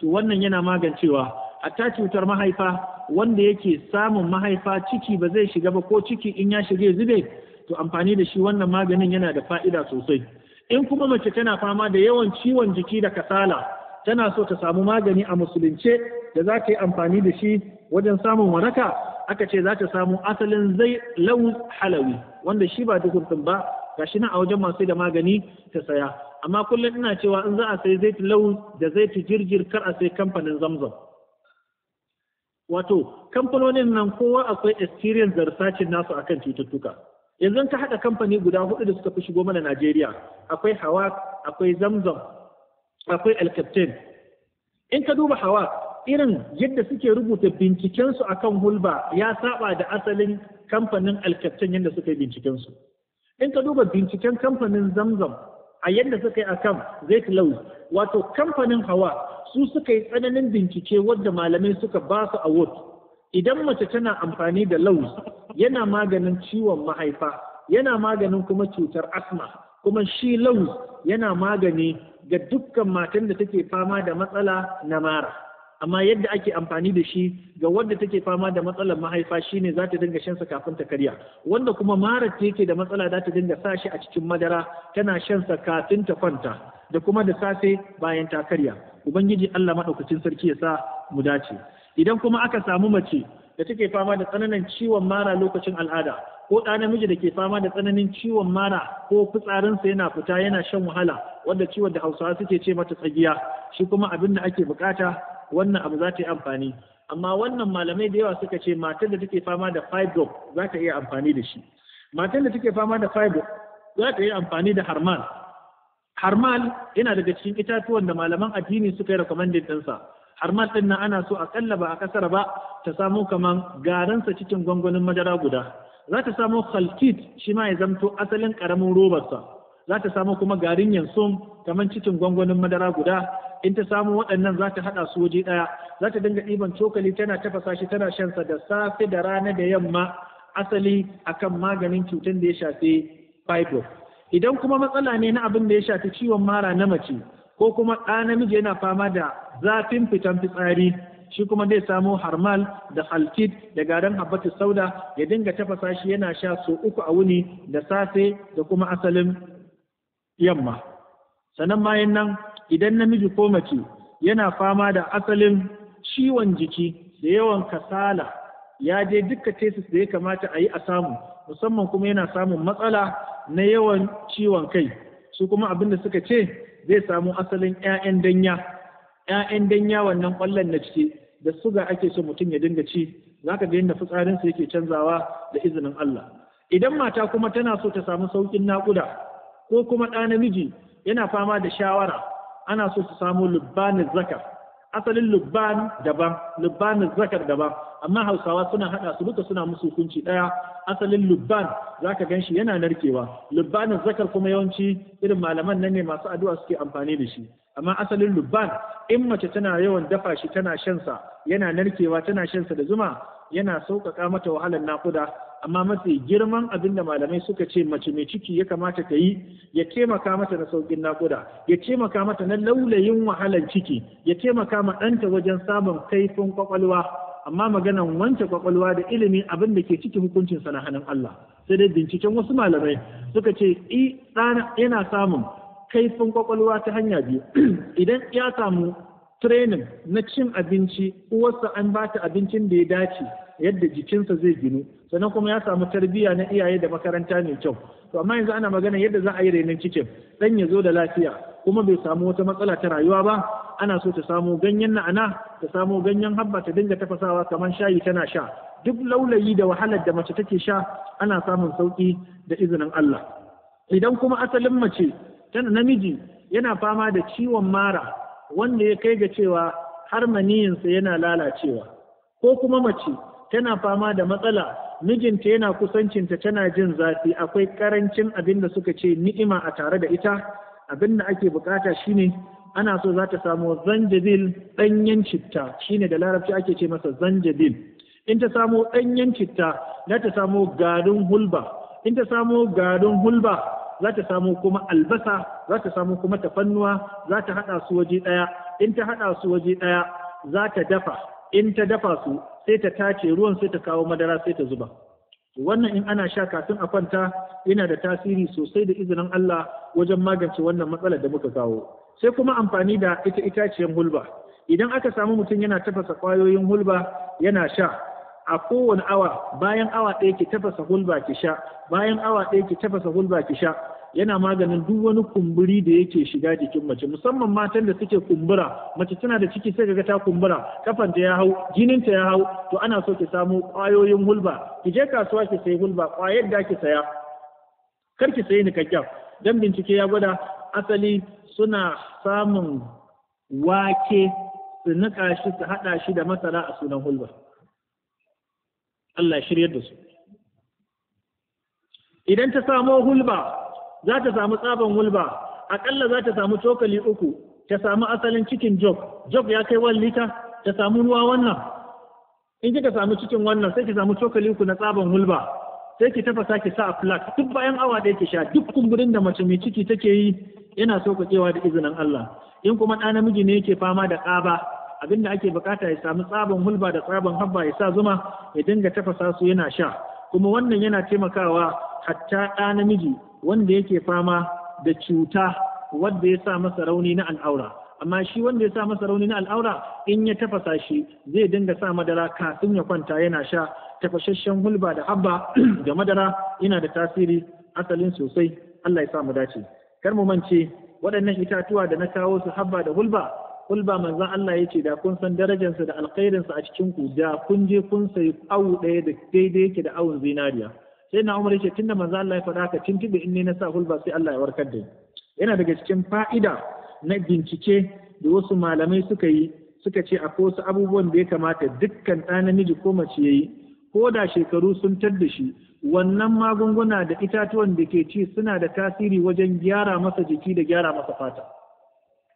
to wannan yana magancewa hatta cutar mahaifa wanda yake samun mahaifa ciki ba zai shiga ba ko ciki in ya shige zube to amfani da shi wannan maganin yana da fa'ida sosai in kuma mace tana fama da yawan ciwon jiki da kasala tana so ta samu magani a musulunce da za ta yi amfani da shi wajen samun waraka aka ce za ta samu asalin zai lau halawi wanda shi ba dukurtun ba Ga shi na a wajen masu da magani ta saya amma kullum ina cewa in za a sai zai lau da zai ta jirgin kar a sai kamfanin zamzam wato kamfanonin nan kowa akwai experience da researching nasu akan cututtuka yanzu ka haɗa kamfani guda hudu da suka fi shigo mana Najeriya akwai hawa akwai zamzam akwai alkaftin in ka duba hawa irin yadda suke rubuta bincikensu akan hulba ya saba da asalin kamfanin alkaftin yadda suka yi bincikensu in ka duba binciken kamfanin zamzam a yadda suka yi akan zait laus wato kamfanin hawa su suka yi tsananin bincike wadda malamai suka ba su wot. idan mace tana amfani da laus yana maganin ciwon mahaifa yana maganin kuma cutar asma kuma shi laus yana magani ga dukkan matan da take fama da matsala na mara amma yadda ake amfani da shi ga wadda take fama da matsalar mahaifa shine za ta dinga shansa kafin ta karya wanda kuma Mara ta yake da matsala za ta dinga sa shi a cikin madara tana shansa kafin ta kwanta da kuma da safe bayan ta karya ubangiji Allah maɗaukacin sarki ya sa mu dace idan kuma aka samu mace da take fama da tsananin ciwon mara lokacin al'ada ko ɗa namiji da ke fama da tsananin ciwon mara ko fitsarinsa yana fita yana shan wahala wanda ciwon da hausawa suke ce mata tsagiya shi kuma abin da ake bukata wannan abu za ta yi amfani amma wannan malamai da yawa suka ce matar da take fama da fibro za ta iya amfani da shi matar da take fama da fibro za ta iya amfani da harman harmal yana daga cikin itatuwan da malaman addini suka yi recommended ɗinsa ma din nan ana so kalla ba a kasar ba ta samu kaman garinsa cikin gwangwanin madara guda za ta samu khalkit shi ma ya zamto asalin karamin robarsa za ta samu kuma garin yansum kaman cikin gwangwanin madara guda in ta samu waɗannan za ta haɗa su waje ɗaya za ta dinga ɗiban cokali tana tafasa shi tana shan sa da safe da rana da yamma asali akan maganin cutar da ya shafi fibro idan kuma matsala ne na abin da ya shafi ciwon mara na mace ko kuma ɗa namiji yana fama da zafin fitan fitsari shi kuma zai samo harmal da halkid da garin habbatu sauda ya dinga tafasa shi yana sha so uku a wuni da safe da kuma asalin yamma sanan bayan nan idan namiji ko mace yana fama da asalin ciwon jiki da yawan kasala ya je duka tesis da ya kamata a yi a samu musamman kuma yana samun matsala na yawan ciwon kai su kuma abin da suka ce zai samu asalin 'ya'yan danya 'ya'yan danya wannan ƙwallon na ciki da suga ake so mutum ya dinga ci zaka ga yadda fitsarinsa yake canzawa da izinin Allah idan mata kuma tana so ta samu sauƙin naƙuda ko kuma ɗa namiji yana fama da shawara ana so su samu lubbanin zakar asalin lubban daban lubbanin zakar daban amma hausawa suna hada su duka suna musu hukunci daya asalin lubban zaka ganshi yana narkewa lubbanin zakar kuma yawanci irin malaman nan ne masu addu'a suke amfani da shi amma asalin lubban in mace tana yawan dafa shi tana shansa, yana narkewa tana shansa da zuma yana sauƙaƙa mata wahalar naƙuda amma mafi girman abin da malamai suka ce mace mai ciki ya kamata ta yi ya taimaka mata na saukin nakuda ya taimaka mata na laulayin wahalan ciki ya taimaka ma ɗanta wajen samun kaifin kwakwalwa amma maganan wancan kwakwalwa da ilimi abin da ke ciki hukuncin sana hannun Allah sai dai binciken wasu malamai suka ce i yana samun kaifin kwakwalwa ta hanya biyu (clears throat) idan ya samu training na cin abinci uwarsa an ba ta abincin da ya dace yadda jikinsa zai ginu sannan kuma ya samu tarbiyya na iyaye da makaranta mai kyau to amma yanzu ana magana yadda za a yi renon cikin dan ya zo da lafiya kuma bai samu wata matsala ta rayuwa ba ana so ta samu ganyen na'ana ta samu ganyen habba ta dinga tafasawa kamar shayi tana sha duk laulayi da wahalar da mace take sha ana samun sauki da izinin Allah idan kuma asalin mace tana namiji yana fama da ciwon mara wanda ya kai ga cewa har maniyinsa yana lalacewa ko kuma mace tana fama da matsala mijinta yana kusancinta tana jin zafi akwai karancin abin da suka ce ni'ima a tare da ita abin da ake bukata shine ana so za ta samu zanjabil ɗanyen citta shine da larabci ake ce masa zanjabil in ta samu ɗanyen citta za ta samu garin hulba in ta samu garin hulba za ta samu kuma albasa za ta samu kuma tafannuwa za ta haɗa su waje ɗaya in ta haɗa su waje ɗaya za ta dafa in ta dafa su sai ta tace ruwan sai ta kawo madara sai ta zuba wannan in ana sha kafin a kwanta yana da tasiri sosai da izinin Allah wajen magance wannan matsalar da muka kawo sai kuma amfani da ita itaciyar hulba idan aka samu mutum yana tafasa kwayoyin hulba yana sha a kowane awa bayan awa ɗaya ki tafasa hulba ki sha bayan awa ɗaya ki tafasa hulba ki sha yana maganin duk wani kumburi da yake shiga jikin mace musamman matan da suke kumbura mace tana da ciki sai ga ta kumbura kafanta ya hau jininta ya hau to ana so ki samu kwayoyin hulba ki je kasuwa ki sayi hulba kwayar da ki saya kar ki sayi nikakken dan bincike ya gwada asali suna samun wake su nika shi su haɗa shi da masara a sunan hulba Allah shiryar da su idan ta samo hulba za ta samu tsaban wulba Aƙalla za ta samu cokali uku ta samu asalin cikin jog jog ya kai wani lita ta samu ruwa wannan in kika samu cikin wannan sai ki samu cokali uku na tsaban wulba sai ki tafasa ki sa a flat duk bayan awa ɗaya ki sha duk kumburin da mace mai ciki take yi yana sauƙaƙewa da izinin Allah in kuma ɗa namiji ne yake fama da ƙaba abin da ake bukata ya samu tsaban hulba da tsaban habba ya sa zuma ya dinga tafasa su yana sha kuma wannan yana taimakawa hatta ɗa namiji wanda yake fama da cuta wanda ya sa masa rauni na al'aura amma shi wanda ya sa masa rauni na al'aura in ya tafasa shi zai dinga sa madara kafin ya kwanta yana sha tafasasshen hulba da habba da madara yana da tasiri asalin sosai Allah ya sa mu dace kar mu mance waɗannan itatuwa da na kawo su habba da hulba hulba manzon Allah ya ce da kun san darajarsa da alkhairinsa a cikin ku da kun je kun sayi awu ɗaya da daidai yake da awun zinariya sai na umar yace tunda manzo Allah ya faɗa ka tintibe in ne na sa hulba sai Allah ya warkar da yana daga cikin fa'ida na bincike da wasu malamai suka yi suka ce akwai wasu abubuwan da ya kamata dukkan ɗa namiji ko mace yayi ko da shekaru sun tar da shi wannan magunguna da itatuwan da ke ci suna da tasiri wajen gyara masa jiki da gyara masa fata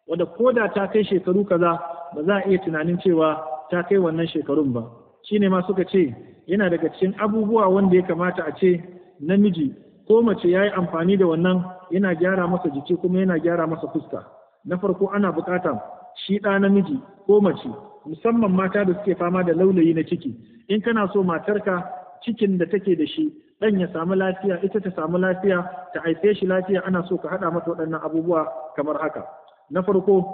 wanda ko da ta kai shekaru kaza ba za a iya tunanin cewa ta kai wannan shekarun ba shine ma suka ce yana daga cikin abubuwa wanda ya kamata a ce namiji ko mace ya yi amfani da wannan yana gyara masa jiki kuma yana gyara masa fuska na farko ana bukata shi ɗa namiji ko mace musamman mata da suke fama da laulayi na ciki in kana so matarka cikin da take da shi ɗan ya samu lafiya ita ta samu lafiya ta haife shi lafiya ana so ka haɗa masa waɗannan abubuwa kamar haka na farko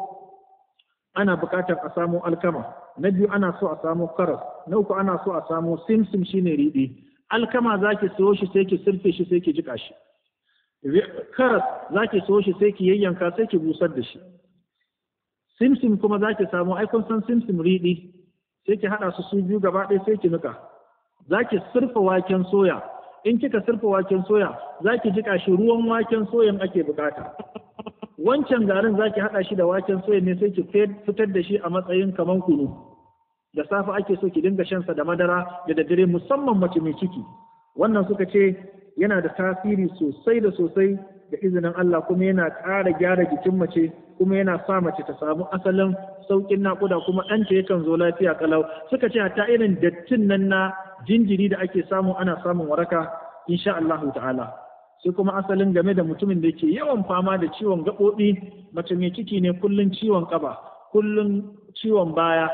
ana buƙatar a samo alkama na biyu ana so a samo karas na uku ana so a samo simsim shine riɗi alkama za ki shi sai ki sirfe shi sai ki jiƙa shi karas za ki siyo shi sai ki yayyanka sai ki busar da shi simsim kuma zaki ki samo ai kun san simsim riɗi sai ki haɗa su su biyu gaba ɗaya sai ki nuka. za ki waken soya in kika sirfa waken soya zaki ki shi ruwan waken soyan ake buƙata wancan garin za ki haɗa shi da waken soya ne sai ki fitar da shi a matsayin kaman kunu da safe ake so ki dinga shansa da madara da daddare musamman mace mai ciki wannan suka ce yana da tasiri sosai da sosai da izinin Allah kuma yana ƙara gyara jikin mace kuma yana sa mace ta samu asalin saukin naƙuda kuma ɗanta yakan zo lafiya kalau suka ce hatta irin dattin nan na jinjiri da ake samu ana samun waraka insha Allah ta'ala sai kuma asalin game da mutumin da ke yawan fama da ciwon gaɓoɓi mace mai ciki ne kullum ciwon ƙaba kullum ciwon baya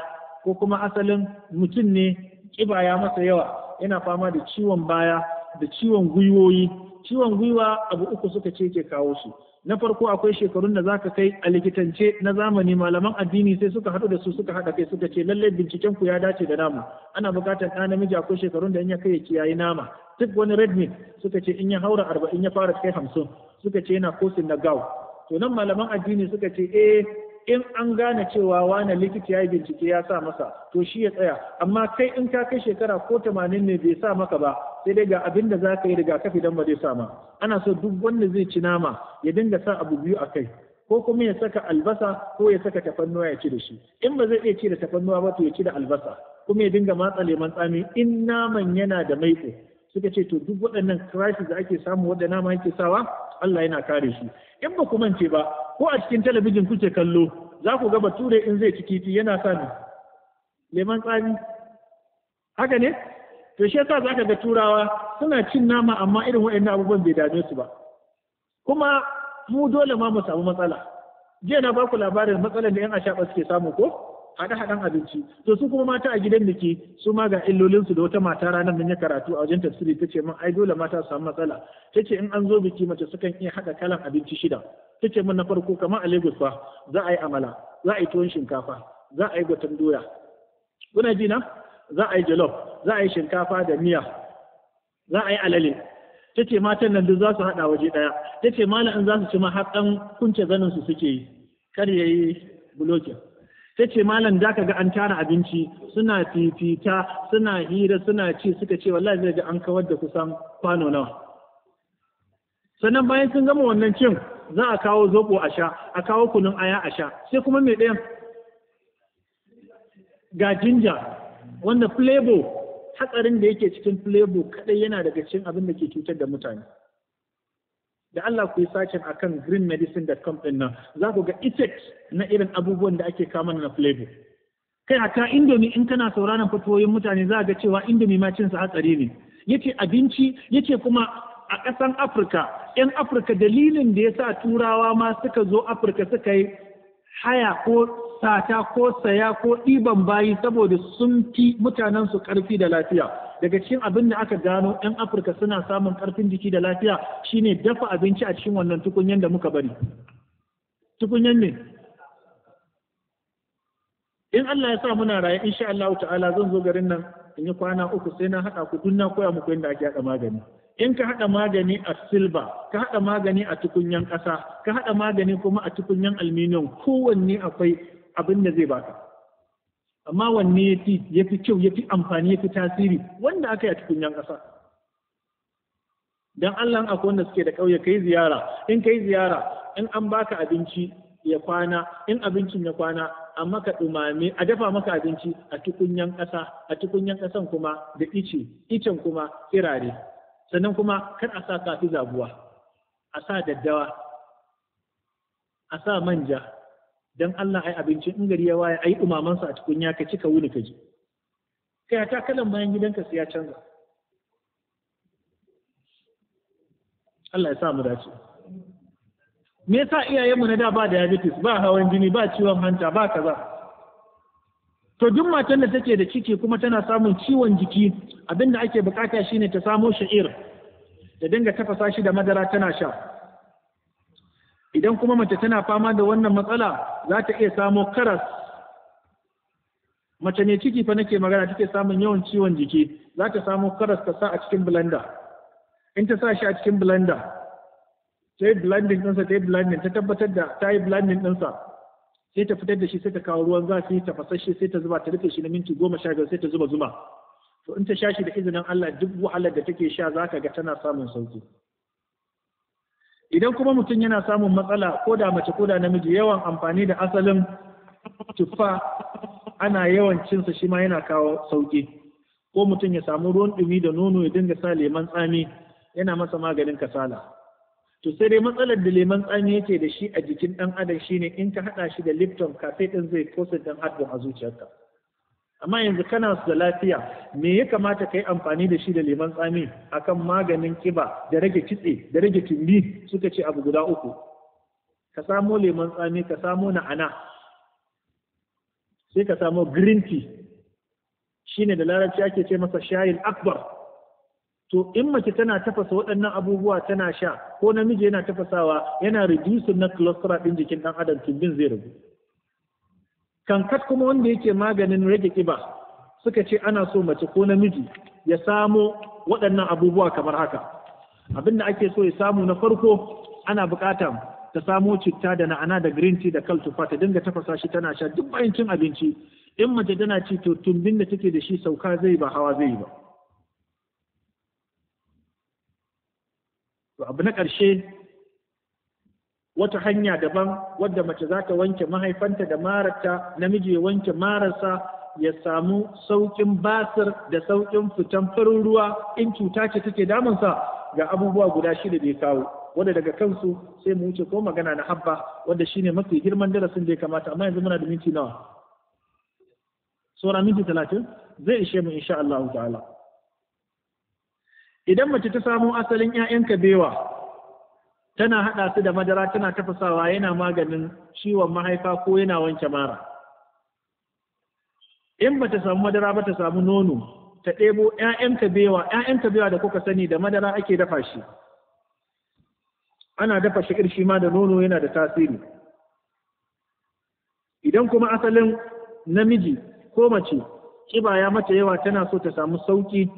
ko kuma asalin mutum ne ƙiba ya masa yawa yana fama da ciwon baya da ciwon gwiwoyi ciwon gwiwa abu uku suka ce ke kawo su na farko akwai shekarun da zaka kai a likitance na zamani malaman addini sai suka haɗu da su suka haɗa kai suka ce lallai binciken ku ya dace da namu ana bukatar ɗa namiji akwai shekarun da in ya kai ya kiyayi nama duk wani red meat suka ce in ya haura arba'in ya fara kai hamsin suka ce yana kosin na gaw to nan malaman addini suka ce e in an gane cewa wani likita ya yi bincike ya sa masa to shi ya tsaya amma kai in ka kai shekara ko tamanin ne bai sa maka ba sai dai ga abin da za ka yi daga kafi don ba zai sa ma ana so duk wanda zai ci nama ya dinga sa abu biyu a kai ko kuma ya saka albasa ko ya saka tafannuwa ya ci da shi in ba zai iya ci da tafannuwa ba to ya ci da albasa kuma ya dinga matsa leman tsami in naman yana da maiƙo suka ce to duk waɗannan crisis da ake samu waɗannan ma yake sawa Allah yana kare su. in ba ku mance ba ko a cikin talabijin kuke kallo za ku ga bature in zai ci kiti yana sa ni leman tsami haka ne to shi yasa zaka ga turawa suna cin nama amma irin waɗannan abubuwan bai dame su ba kuma mu dole ma mu samu matsala jiya na baku labarin matsalar da yan ashaba suke samu ko haɗe-haɗen abinci to su kuma mata a gidan ke su ma ga illolinsu da wata mata ranar nan ya karatu a wajen tafsiri ta ce min ai dole mata su samu matsala ta ce in an zo biki mace sukan iya haɗa kalan abinci shida ta ce min na farko kamar a Lagos fa za a yi amala za a yi tuwon shinkafa za a yi gwatan doya kuna ji za a yi jalof, za a yi shinkafa da miya za a yi alale ta ce matan nan duk za su haɗa waje ɗaya ta ce malam za su ci ma haƙan kunce zanin su suke yi kar ya yi bulokin sai ce malam da ka ga an tara abinci suna fifita suna hira suna ci suka ce wallahi zai ga an kawar da kusan kwano nawa sannan bayan sun gama wannan cin za a kawo zobo a sha a kawo kunun aya a sha sai kuma mai ɗayan ga jinja wanda flavor hatsarin da yake cikin flavor kadai yana daga cikin abin da ke cutar da mutane da Allah ku yi sakin medicine greenmedicine.com din nan za ku ga effect na irin abubuwan da ake kama na flavor kai a ka indomi in kana sauraron fatoyin mutane za ga cewa indomi ma cin hatsari ne yace abinci yace kuma a ƙasan Afirka yan Afirka dalilin da ya sa turawa ma suka zo Afirka suka yi haya ko sata ko saya ko ɗiban bayi saboda sun fi mutanensu su ƙarfi da lafiya daga cikin abin da aka gano 'yan afirka suna samun karfin jiki da lafiya shine dafa abinci a cikin wannan tukunyen da muka bari tukunyen ne in Allah ya sa muna raye insha Allah ta'ala zan zo garin nan in yi kwana uku sai na haɗa ku duk na koya muku yadda ake haɗa magani in ka haɗa magani a silba ka haɗa magani a tukunyen ƙasa ka haɗa magani kuma a tukunyen aluminium kowanne akwai abin da zai baka amma wanne ya fi ya fi kyau ya fi amfani ya fi tasiri wanda aka yi a tukunyan ƙasa dan Allah akwai wanda suke da ƙauye kai ziyara in kai ziyara in an baka abinci ya kwana in abincin ya kwana a maka dumame a dafa maka abinci a tukunyan ƙasa a tukunyan ƙasan kuma da ice icen kuma tsirare sannan kuma kar a sa kafi zabuwa a sa daddawa a sa manja dan Allah ai abincin, in gari ya waye ai umaman sa a ya ka cika wuni ka ji kai ta kalan bayan gidanka sai ya canza Allah ya sa mu dace me yasa iyayenmu na da ba diabetes ba hawan jini ba ciwon hanta ba kaza to duk matan da take da ciki kuma tana samun ciwon jiki abinda ake bukata shine ta samo sha'ir da dinga tafasa shi da madara tana sha idan kuma mace tana fama da wannan matsala za ta iya samo karas mace ne ciki fa nake magana take samun yawan ciwon jiki za ta samo karas ta sa a cikin blender in ta sa shi a cikin blender ta yi blending ɗinsa ta yi blending ta tabbatar da ta yi blending ɗinsa sai ta fitar da shi sai ta kawo ruwan zafi ta fasashe sai ta zuba ta rufe shi na minti goma sha biyar sai ta zuba zuma to in ta sha shi da izinin Allah duk wahalar da take sha za ka ga tana samun sauki. idan kuma mutum yana samun matsala ko da mace ko da namiji yawan amfani da asalin tuffa ana yawan cinsa shi ma yana kawo sauki ko mutum ya samu ruwan dumi da nono ya dinga sa leman tsami yana masa maganin kasala to sai dai matsalar da leman tsami yake da shi a jikin ɗan adam shine in ka haɗa shi da lipton kafe ɗin zai kosa dan adam a zuciyarka amma yanzu kana su da lafiya me ya kamata ka yi amfani da shi da leman tsami akan maganin kiba da rage kitse da rage tumbi suka ce abu guda uku ka samo leman tsami ka samo na'ana sai ka samo green tea shine da larabci ake ce masa shayin akbar to in mace tana tafasa waɗannan abubuwa tana sha ko namiji yana tafasawa yana reducing na cholesterol ɗin jikin ɗan adam tumbin zai rabu. kankat kuma wanda yake maganin rage kiba suka ce ana so mace ko namiji ya samo waɗannan abubuwa kamar haka abin da ake so ya samu na farko ana bukata ta samo citta da na'ana da green tea da kaltufa ta dinga tafasa shi tana sha duk bayan cin abinci in mace tana ci to tumbin da take da shi sauka zai ba hawa zai ba to abu na ƙarshe wata hanya daban wadda mace za ta wanke mahaifanta da mararta namiji ya wanke marasa ya samu sauƙin basir da sauƙin fitan farin ruwa in cuta ce take damunsa ga abubuwa guda shida bai kawo wanda daga kansu sai mu wuce ko magana na habba wanda shine mafi girman darasin da ya kamata amma yanzu muna da minti nawa sura minti talatin zai ishe mu insha Allah ta'ala idan mace ta samu asalin 'ya'yan kabewa tana haɗa su da madara tana tafasawa yana maganin ciwon mahaifa ko yana wanke mara in ba ta samu madara ba ta samu nono ta ɗebo 'ya'yan kabewa 'ya'yan kabewa da kuka sani da madara ake dafa shi ana dafa shi ƙirshi ma da nono yana da tasiri idan kuma asalin namiji ko mace kiba ya mata yawa tana so ta samu sauki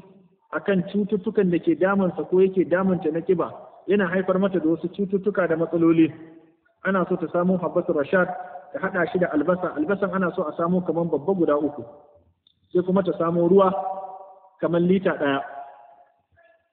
akan cututtukan da ke damansa ko yake damanta na ƙiba. yana haifar mata da wasu cututtuka da matsaloli ana so ta samu habbatu rashad ta hada shi da albasa albasan ana so a samu kamar babba guda uku sai kuma ta samu ruwa kamar lita daya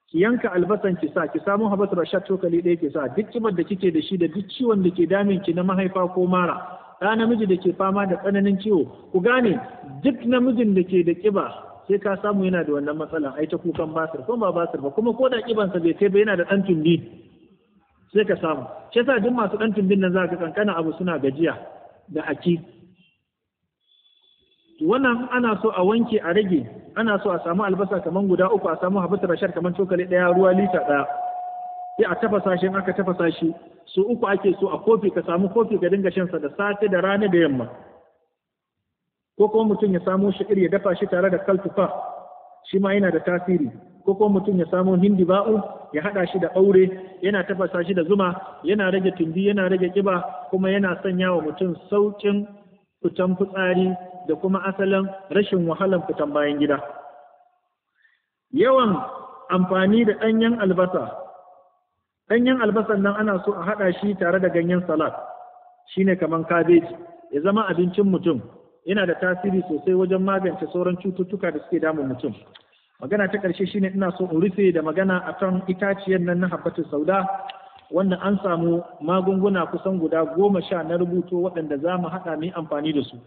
ki yanka albasan ki sa ki samu habbatu rashad cokali ɗaya ki sa duk kibar da kike da shi da duk ciwon da ke damin ki na mahaifa ko mara ɗa namiji da ke fama da tsananin ciwo ku gane duk namijin da ke da kiba sai ka samu yana da wannan matsalan ai ta kukan basir ko ba basir ba kuma ko da kibansa bai kai ba yana da dan tumbi sai ka samu shi yasa duk masu dan tumbin nan za ka kankana abu suna gajiya da aki wannan ana so a wanke a rage ana so a samu albasa kamar guda uku a samu habata rashar kamar cokali daya ruwa lita daya sai a tafasa shi aka tafasa shi su uku ake so a kofi ka samu kofi ka dinga shan sa da safe da rana da yamma ko kuma mutum ya samo iri ya dafa shi tare da kaltufa shi ma yana da tasiri ko kuma mutum ya samo hindi ba'u ya hada shi da aure yana tafasa shi da zuma yana rage tumbi yana rage kiba kuma yana sanya wa mutum saukin fitan fitsari da kuma asalin rashin wahalan fitan bayan gida yawan amfani da ɗanyen albasa ɗanyen albasan nan ana so a haɗa shi tare da ganyen salad shine kaman kabeji ya zama abincin mutum yana da tasiri sosai wajen magance sauran cututtuka da suke damun mutum magana ta ƙarshe shine ina so in rufe da magana akan itaciyar nan na habbatu sauda wanda an samu magunguna kusan guda goma sha na rubuto waɗanda za mu haɗa mu amfani da su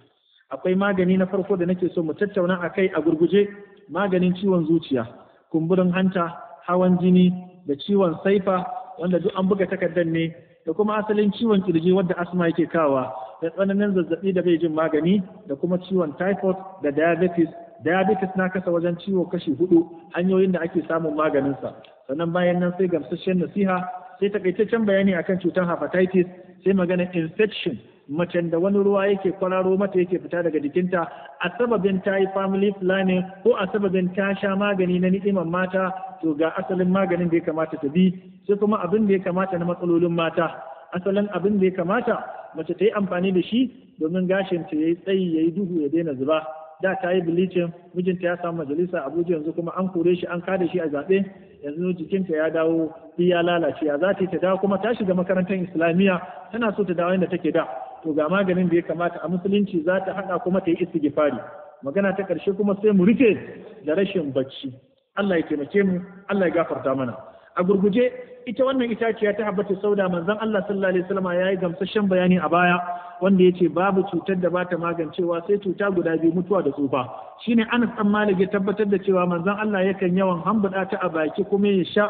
akwai magani na farko da nake so mu tattauna a kai a gurguje maganin ciwon zuciya kumburin hanta hawan jini da ciwon saifa wanda duk an buga takardar ne da kuma asalin ciwon ƙirji wadda asma yake kawa da tsananin zazzabi da bai jin magani da kuma ciwon typhoid da diabetes diabetes na kasa wajen ciwo kashi hudu hanyoyin da ake samun maganinsa sannan bayan nan sai gamsasshen nasiha sai takaitaccen bayani akan cutar hepatitis sai maganin infection macen da wani ruwa yake kwararo mata yake fita daga jikinta a sababin ta yi family planning ko a sababin ta sha magani na ni'imar mata to ga asalin maganin da ya kamata ta bi sai kuma abin da ya kamata na matsalolin mata asalin abin da ya kamata mace ta yi amfani da shi domin gashin ta yayi tsayi yayi duhu ya daina zuba da ta yi bilicin mijinta ya samu majalisa Abuja yanzu kuma an kore shi an kada shi a zaɓe yanzu jikinta ya dawo duk ya lalace ya zata ta dawo kuma ta shiga makarantar islamiyya tana so ta dawo inda take da to ga maganin da ya kamata a musulunci za ta haɗa kuma ta yi istighfari magana ta ƙarshe kuma sai mu rike da rashin bacci Allah ya taimake mu Allah ya gafarta mana a gurguje ita wannan itaciya ta habbata sauda manzon Allah sallallahu alaihi wasallam yayi gamsashen bayani a baya wanda yace babu cutar da bata magancewa sai cuta guda biyu mutuwa da tsufa shine Anas dan Malik ya tabbatar da cewa manzon Allah yakan yawan hambuda ta a baki kuma ya sha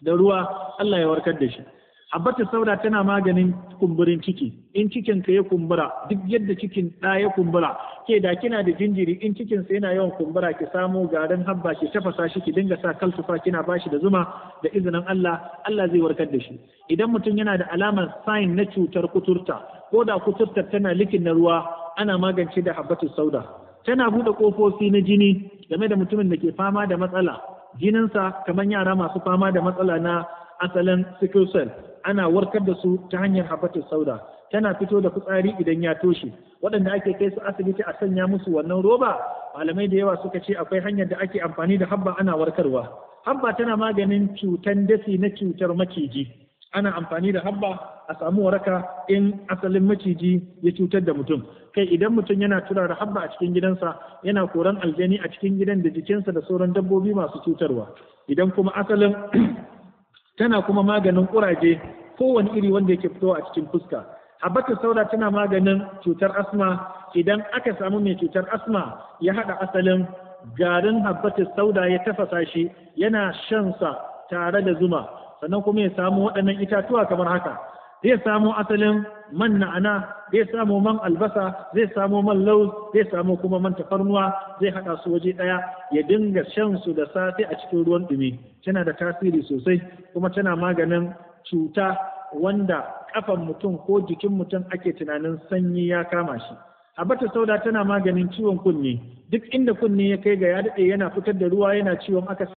da ruwa Allah ya warkar da shi abbata sauda tana maganin kumburin ciki in cikin ka ya kumbura duk yadda cikin ɗa ya kumbura ke da kina da jinjiri in cikin sa yana yawan kumbura ki samo garin habba ki tafasa shi ki dinga sa kalsufa kina bashi da zuma da izinin Allah Allah zai warkar da shi idan mutum yana da alamar sign na cutar kuturta ko da kuturta tana likin na ruwa ana magance da habbatu sauda tana buɗe kofofi na jini game da mutumin da ke fama da matsala jininsa kamar yara masu fama da matsala na asalin sickle cell ana warkar da su ta hanyar habatus sauda tana fito da fitsari idan ya toshe waɗanda ake kai su asibiti a sanya musu wannan roba malamai da yawa suka ce akwai hanyar da ake amfani da habba ana warkarwa habba tana maganin cutan dasi na cutar maciji ana amfani da habba a samu waraka in asalin maciji ya cutar da mutum kai idan mutum yana turara habba a cikin gidansa yana koran aljani a cikin gidan da jikinsa da sauran dabbobi masu cutarwa idan kuma asalin tana kuma maganin ƙuraje kowane iri wanda yake fitowa a cikin fuska habbatus sauda tana maganin cutar asma idan aka samu mai cutar asma ya haɗa asalin garin habbatus sauda ya tafasa shi yana shansa tare da zuma sannan kuma ya samu waɗannan itatuwa kamar haka zai samo asalin man na'ana zai samu man albasa zai samo man lauz zai samu kuma man tafarnuwa zai haɗa su waje ɗaya ya dinga shan su da safe a cikin ruwan ɗumi tana da tasiri sosai kuma tana maganin cuta wanda kafan mutum ko jikin mutum ake tunanin sanyi ya kama shi habata sauda tana maganin ciwon kunne duk inda kunne ya kai ga ya daɗe yana fitar da ruwa yana ciwon aka